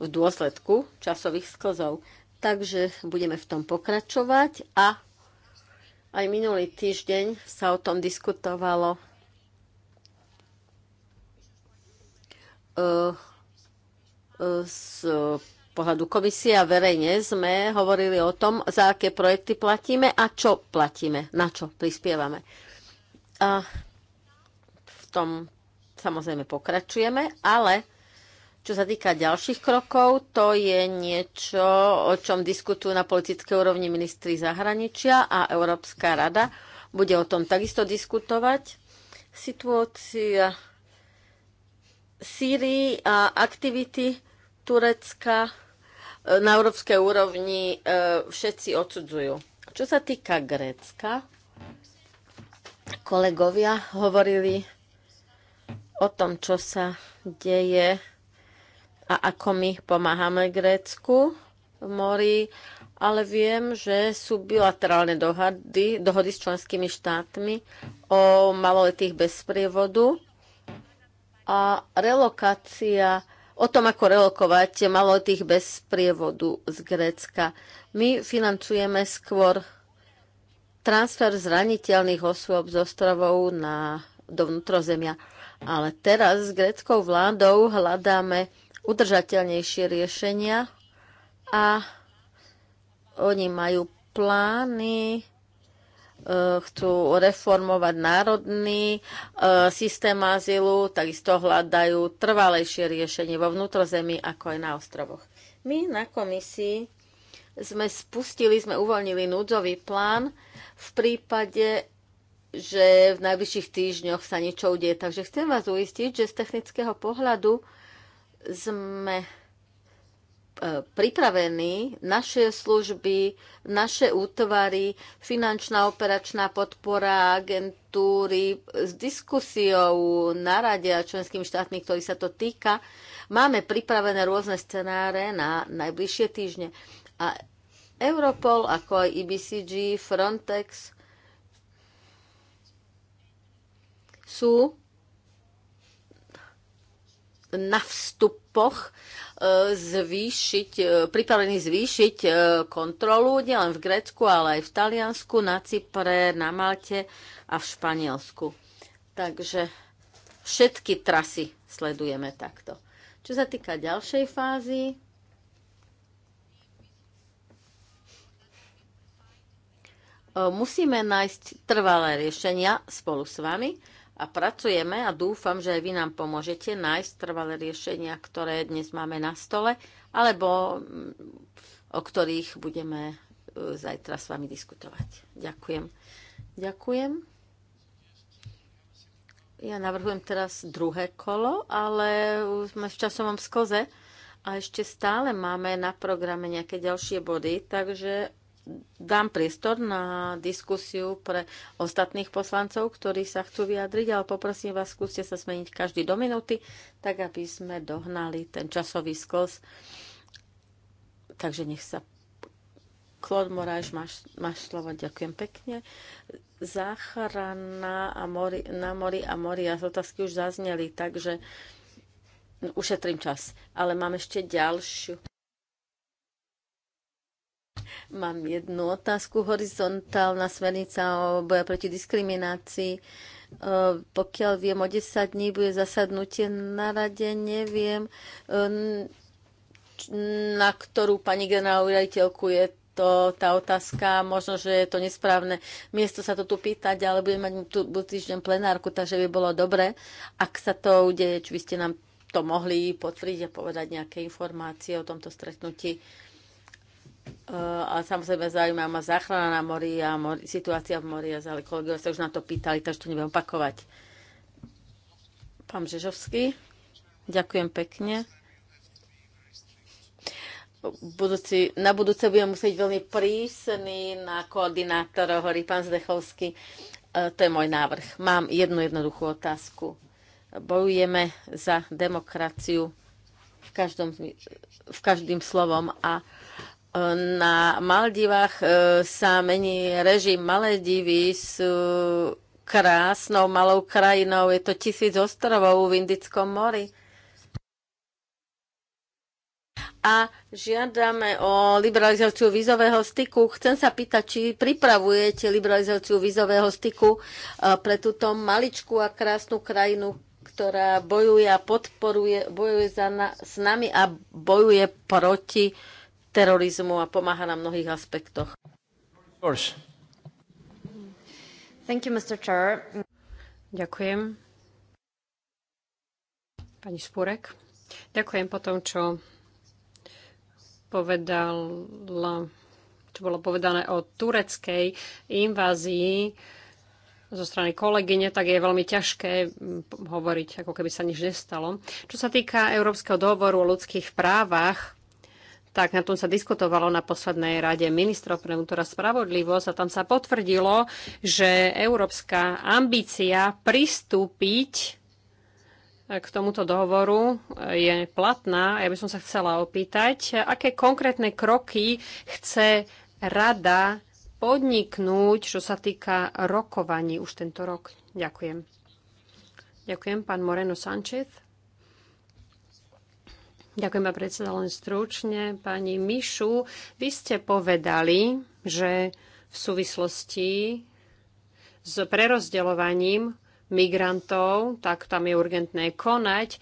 v dôsledku časových sklzov. Takže budeme v tom pokračovať a aj minulý týždeň sa o tom diskutovalo eh, eh, s pohľadu komisie a verejne sme hovorili o tom, za aké projekty platíme a čo platíme, na čo prispievame. A v tom samozrejme pokračujeme, ale čo sa týka ďalších krokov, to je niečo, o čom diskutujú na politickej úrovni ministri zahraničia a Európska rada bude o tom takisto diskutovať. Situácia Sýrii a aktivity Turecka e, na európskej úrovni e, všetci odsudzujú. Čo sa týka Grécka, kolegovia hovorili o tom, čo sa deje a ako my pomáhame Grécku v mori, ale viem, že sú bilaterálne dohody, dohody s členskými štátmi o maloletých bez prievodu a relokácia o tom, ako relokovať malotých bez prievodu z Grécka. My financujeme skôr transfer zraniteľných osôb z ostrovov na, do vnútrozemia. Ale teraz s gréckou vládou hľadáme udržateľnejšie riešenia a oni majú plány Eh, chcú reformovať národný eh, systém azylu, takisto hľadajú trvalejšie riešenie vo vnútrozemí, ako aj na ostrovoch. My na komisii sme spustili, sme uvoľnili núdzový plán v prípade, že v najbližších týždňoch sa niečo udeje. Takže chcem vás uistiť, že z technického pohľadu sme E, pripravení, naše služby, naše útvary, finančná operačná podpora, agentúry s diskusiou na rade a členskými štátmi, ktorý sa to týka. Máme pripravené rôzne scenáre na najbližšie týždne. A Europol, ako aj IBCG, e Frontex sú na vstup poch e, zvýšiť, e, pripravený zvýšiť e, kontrolu nielen v Grécku, ale aj v Taliansku, na Cypre, na Malte a v Španielsku. Takže všetky trasy sledujeme takto. Čo sa týka ďalšej fázy, E, musíme nájsť trvalé riešenia spolu s vami a pracujeme a dúfam, že aj vy nám pomôžete nájsť trvalé riešenia, ktoré dnes máme na stole, alebo mm, o ktorých budeme e, zajtra s vami diskutovať. Ďakujem. Ďakujem. Ja navrhujem teraz druhé kolo, ale sme v časovom skoze a ešte stále máme na programe nejaké ďalšie body, takže dám priestor na diskusiu pre ostatných poslancov, ktorí sa chcú vyjadriť, ale poprosím vás, skúste sa zmeniť každý do minúty, tak aby sme dohnali ten časový sklz. Takže nech sa... Klod Moráš, máš, máš slovo, ďakujem pekne. Záchrana a mori, na mori a mori, a otázky už zazneli, takže ušetrím čas. Ale mám ešte ďalšiu Mám jednu otázku. Horizontálna smernica o boja proti diskriminácii. E, pokiaľ viem, o 10 dní bude zasadnutie na rade, neviem, e, na ktorú pani generálu riaditeľku je to, tá otázka, možno, že je to nesprávne miesto sa to tu pýtať, ale budeme mať tu týždeň plenárku, takže by bolo dobre, ak sa to udeje, či by ste nám to mohli potvrdiť a povedať nejaké informácie o tomto stretnutí a samozrejme zaujíma ma záchrana na mori a mori, situácia v mori a z kolegovia sa už na to pýtali, takže to nebudem opakovať. Pán Žežovský, ďakujem pekne. Budúci, na budúce budem musieť veľmi prísny na koordinátora, hovorí pán Zdechovský. E, to je môj návrh. Mám jednu jednoduchú otázku. Bojujeme za demokraciu v, každom, v každým slovom a na Maldivách e, sa mení režim. divy sú krásnou malou krajinou. Je to tisíc ostrovov v Indickom mori. A žiadame o liberalizáciu vízového styku. Chcem sa pýtať, či pripravujete liberalizáciu vízového styku e, pre túto maličkú a krásnu krajinu, ktorá bojuje a podporuje, bojuje za na, s nami a bojuje proti uh, terorizmu a pomáha na mnohých aspektoch. Thank you, Mr. Chair. Ďakujem. Pani Spurek. Ďakujem po tom, čo povedal, čo bolo povedané o tureckej invázii zo strany kolegyne, tak je veľmi ťažké mm, hovoriť, ako keby sa nič nestalo. Čo sa týka Európskeho dohovoru o ľudských právach, tak na tom sa diskutovalo na poslednej rade ministrov pre vnútra spravodlivosť a tam sa potvrdilo, že európska ambícia pristúpiť eh, k tomuto dohovoru eh, je platná. Ja by som sa chcela opýtať, aké konkrétne kroky chce rada podniknúť, čo sa týka rokovaní už tento rok. Ďakujem. Ďakujem, pán Moreno Sanchez. Ďakujem, pán predseda, len stručne. Pani Mišu, vy ste povedali, že v súvislosti s prerozdeľovaním migrantov, tak tam je urgentné konať.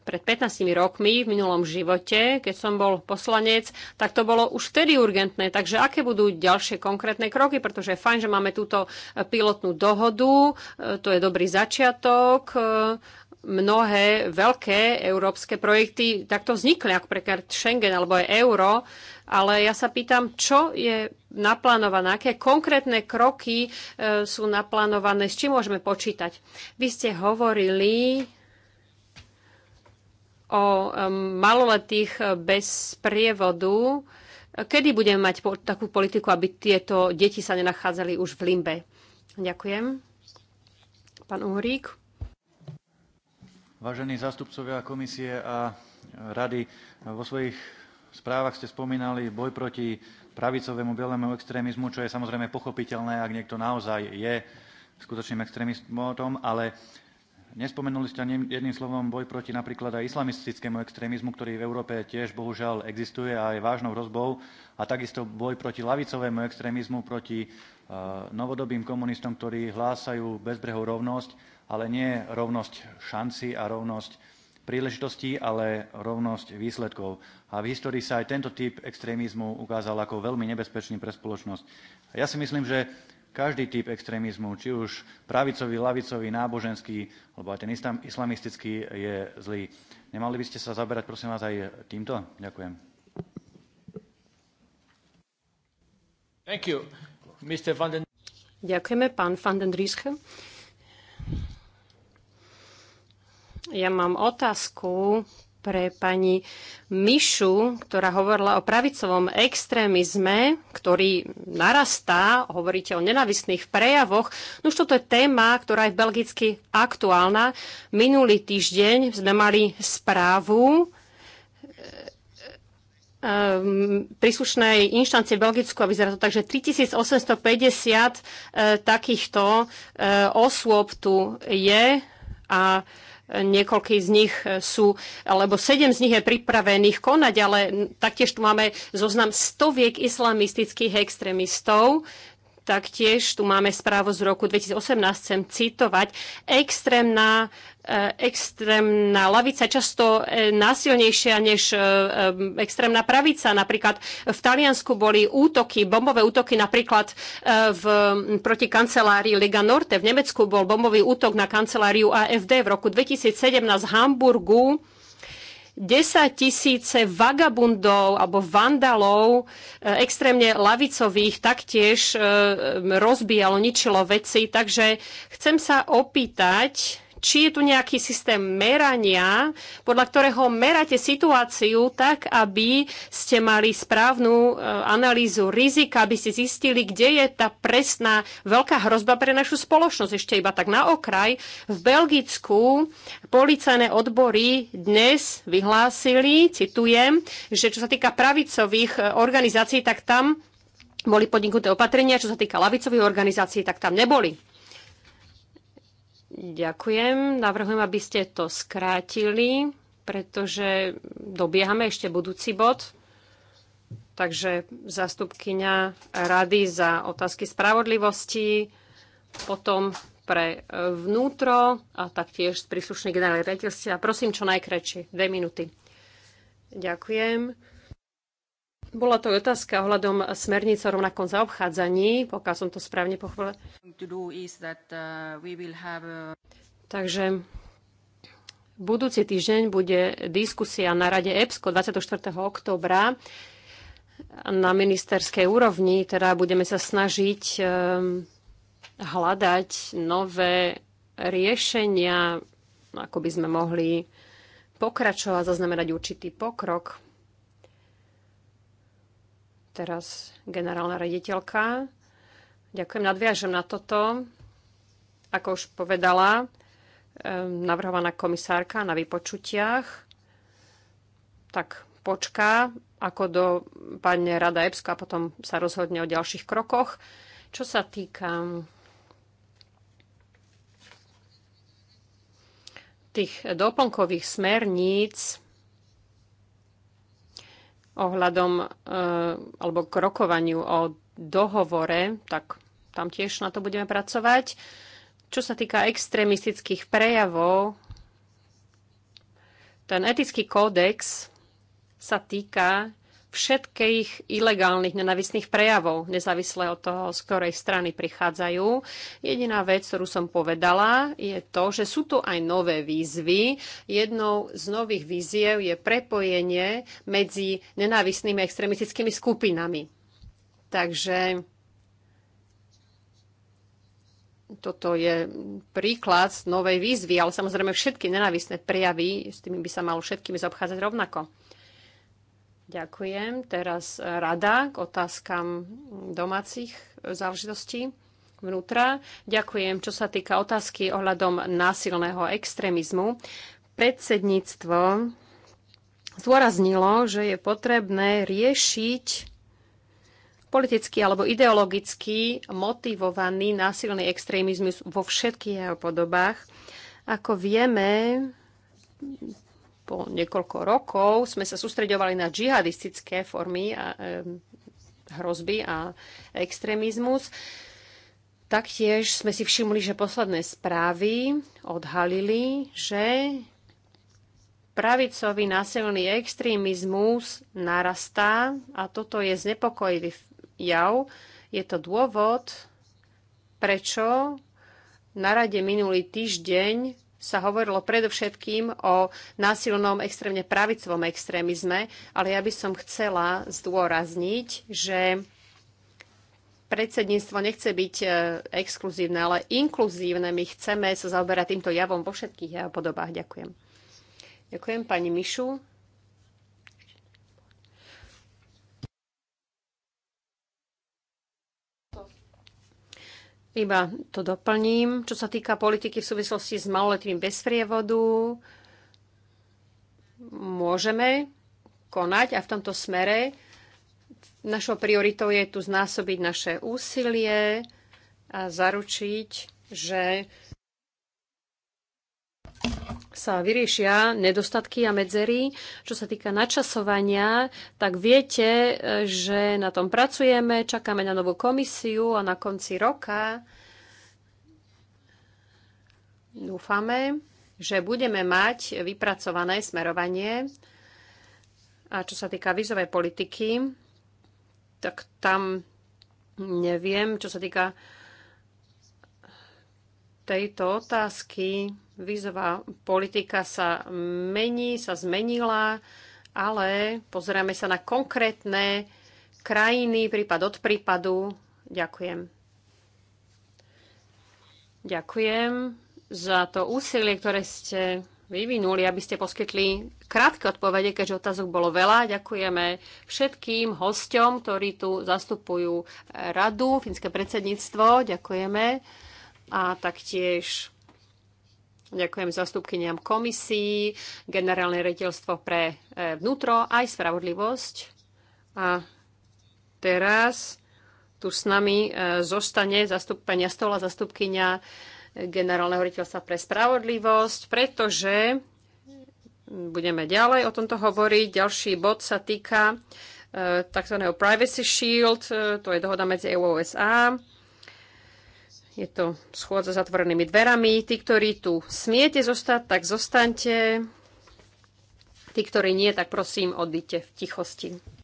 Pred 15 rokmi v minulom živote, keď som bol poslanec, tak to bolo už vtedy urgentné. Takže aké budú ďalšie konkrétne kroky? Pretože je fajn, že máme túto pilotnú dohodu, e, to je dobrý začiatok e, mnohé veľké európske projekty takto vznikli, ako prekrát Schengen alebo aj euro, ale ja sa pýtam, čo je naplánované, aké konkrétne kroky e, sú naplánované, s čím môžeme počítať. Vy ste hovorili o maloletých e, bez prievodu. Kedy budeme mať po, takú politiku, aby tieto deti sa nenachádzali už v limbe? Ďakujem. Pán Uhrík. Vážení zastupcovia komisie a e, rady, e, vo svojich správach ste spomínali boj proti pravicovému bielému extrémizmu, čo je samozrejme pochopiteľné, ak niekto naozaj je skutočným extrémistom, ale Nespomenuli ste ani jedným slovom boj proti napríklad aj islamistickému extrémizmu, ktorý v Európe tiež bohužiaľ existuje a je vážnou hrozbou, a takisto boj proti lavicovému extrémizmu, proti e, novodobým komunistom, ktorí hlásajú bezbrehú rovnosť ale nie rovnosť šanci a rovnosť príležitostí, ale rovnosť výsledkov. A v histórii sa aj tento typ extrémizmu ukázal ako veľmi nebezpečný pre spoločnosť. A ja si myslím, že každý typ extrémizmu, či už pravicový, lavicový, náboženský, alebo aj ten islamistický, je zlý. Nemali by ste sa zaberať, prosím vás, aj týmto? Ďakujem. Thank you. Mr. Van den... Ďakujeme, pán Van den ja mám otázku pre pani Mišu, ktorá hovorila o pravicovom extrémizme, ktorý narastá, hovoríte o nenavistných prejavoch. No už toto je téma, ktorá je belgicky aktuálna. Minulý týždeň sme mali správu ehm, príslušnej inštancie v Belgicku a vyzerá to tak, že 3850 eh, takýchto eh, osôb tu je a niekoľký z nich sú, alebo sedem z nich je pripravených konať, ale taktiež tu máme zoznam stoviek islamistických extrémistov, Taktiež tu máme správu z roku 2018, chcem citovať. Extrémna, eh, extrémna lavica často eh, násilnejšia než eh, extrémna pravica. Napríklad v Taliansku boli útoky, bombové útoky napríklad v, hm, proti kancelárii Liga Norte. V Nemecku bol bombový útok na kanceláriu AFD v roku 2017 v Hamburgu 10 tisíce vagabundov alebo vandalov e, extrémne lavicových taktiež e, rozbíjalo, ničilo veci. Takže chcem sa opýtať, či je tu nejaký systém merania, podľa ktorého meráte situáciu tak, aby ste mali správnu e, analýzu rizika, aby ste zistili, kde je tá presná veľká hrozba pre našu spoločnosť. Ešte iba tak na okraj. V Belgicku policajné odbory dnes vyhlásili, citujem, že čo sa týka pravicových e, organizácií, tak tam boli podniknuté opatrenia, čo sa týka lavicových organizácií, tak tam neboli. Ďakujem. Navrhujem, aby ste to skrátili, pretože dobiehame ešte budúci bod. Takže zastupkyňa Rady za otázky spravodlivosti, potom pre vnútro a taktiež príslušný generálny riaditeľstva. Prosím, čo najkračšie, dve minúty. Ďakujem. Bola to otázka ohľadom smernice o rovnakom zaobchádzaní, pokiaľ som to správne pochopila. Uh, uh, Takže budúci týždeň bude diskusia na Rade EPSCO 24. oktobra na ministerskej úrovni, teda budeme sa snažiť um, hľadať nové riešenia, ako by sme mohli pokračovať, zaznamenať určitý pokrok teraz generálna rediteľka. Ďakujem, nadviažem na toto. Ako už povedala navrhovaná komisárka na vypočutiach, tak počká, ako do pani Rada Epsko a potom sa rozhodne o ďalších krokoch. Čo sa týka tých doplnkových smerníc, ohľadom e, alebo k rokovaniu o dohovore, tak tam tiež na to budeme pracovať. Čo sa týka extrémistických prejavov, ten etický kódex sa týka všetkých ilegálnych nenavisných prejavov, nezávisle od toho, z ktorej strany prichádzajú. Jediná vec, ktorú som povedala, je to, že sú tu aj nové výzvy. Jednou z nových víziev je prepojenie medzi nenávisnými extremistickými skupinami. Takže toto je príklad novej výzvy, ale samozrejme všetky nenávisné prejavy, s tými by sa malo všetkými zobchádzať rovnako. Ďakujem. Teraz rada k otázkam domácich záležitostí vnútra. Ďakujem, čo sa týka otázky ohľadom násilného extrémizmu. Predsedníctvo zdôraznilo, že je potrebné riešiť politicky alebo ideologicky motivovaný násilný extrémizmus vo všetkých jeho podobách. Ako vieme, po niekoľko rokov sme sa sústreďovali na džihadistické formy a hrozby a extrémizmus. Taktiež sme si všimli, že posledné správy odhalili, že pravicový násilný extrémizmus narastá a toto je znepokojivý jav. Je to dôvod, prečo na rade minulý týždeň sa hovorilo predovšetkým o násilnom extrémne pravicovom extrémizme, ale ja by som chcela zdôrazniť, že predsedníctvo nechce byť e, exkluzívne, ale inkluzívne. My chceme sa zaoberať týmto javom vo všetkých podobách. Ďakujem. Ďakujem pani Mišu Iba to doplním. Čo sa týka politiky v súvislosti s maloletým bez prievodu, môžeme konať a v tomto smere našou prioritou je tu znásobiť naše úsilie a zaručiť, že sa vyriešia nedostatky a medzery. Čo sa týka načasovania, tak viete, že na tom pracujeme, čakáme na novú komisiu a na konci roka dúfame, že budeme mať vypracované smerovanie. A čo sa týka vizovej politiky, tak tam neviem, čo sa týka tejto otázky. Vízová politika sa mení, sa zmenila, ale pozrieme sa na konkrétne krajiny, prípad od prípadu. Ďakujem. Ďakujem za to úsilie, ktoré ste vyvinuli, aby ste poskytli krátke odpovede, keďže otázok bolo veľa. Ďakujeme všetkým hosťom, ktorí tu zastupujú radu, fínske predsedníctvo. Ďakujeme a taktiež Ďakujem zastupkyniam komisí, generálne rediteľstvo pre e, vnútro aj spravodlivosť. A teraz tu s nami e, zostane zastupenia stola zastupkynia generálneho rediteľstva pre spravodlivosť, pretože budeme ďalej o tomto hovoriť. Ďalší bod sa týka e, tzv. Privacy Shield, to je dohoda medzi EU a USA. Je to schôdza zatvorenými dverami. Tí, ktorí tu smiete zostať, tak zostaňte. Tí, ktorí nie, tak prosím, odíďte v tichosti.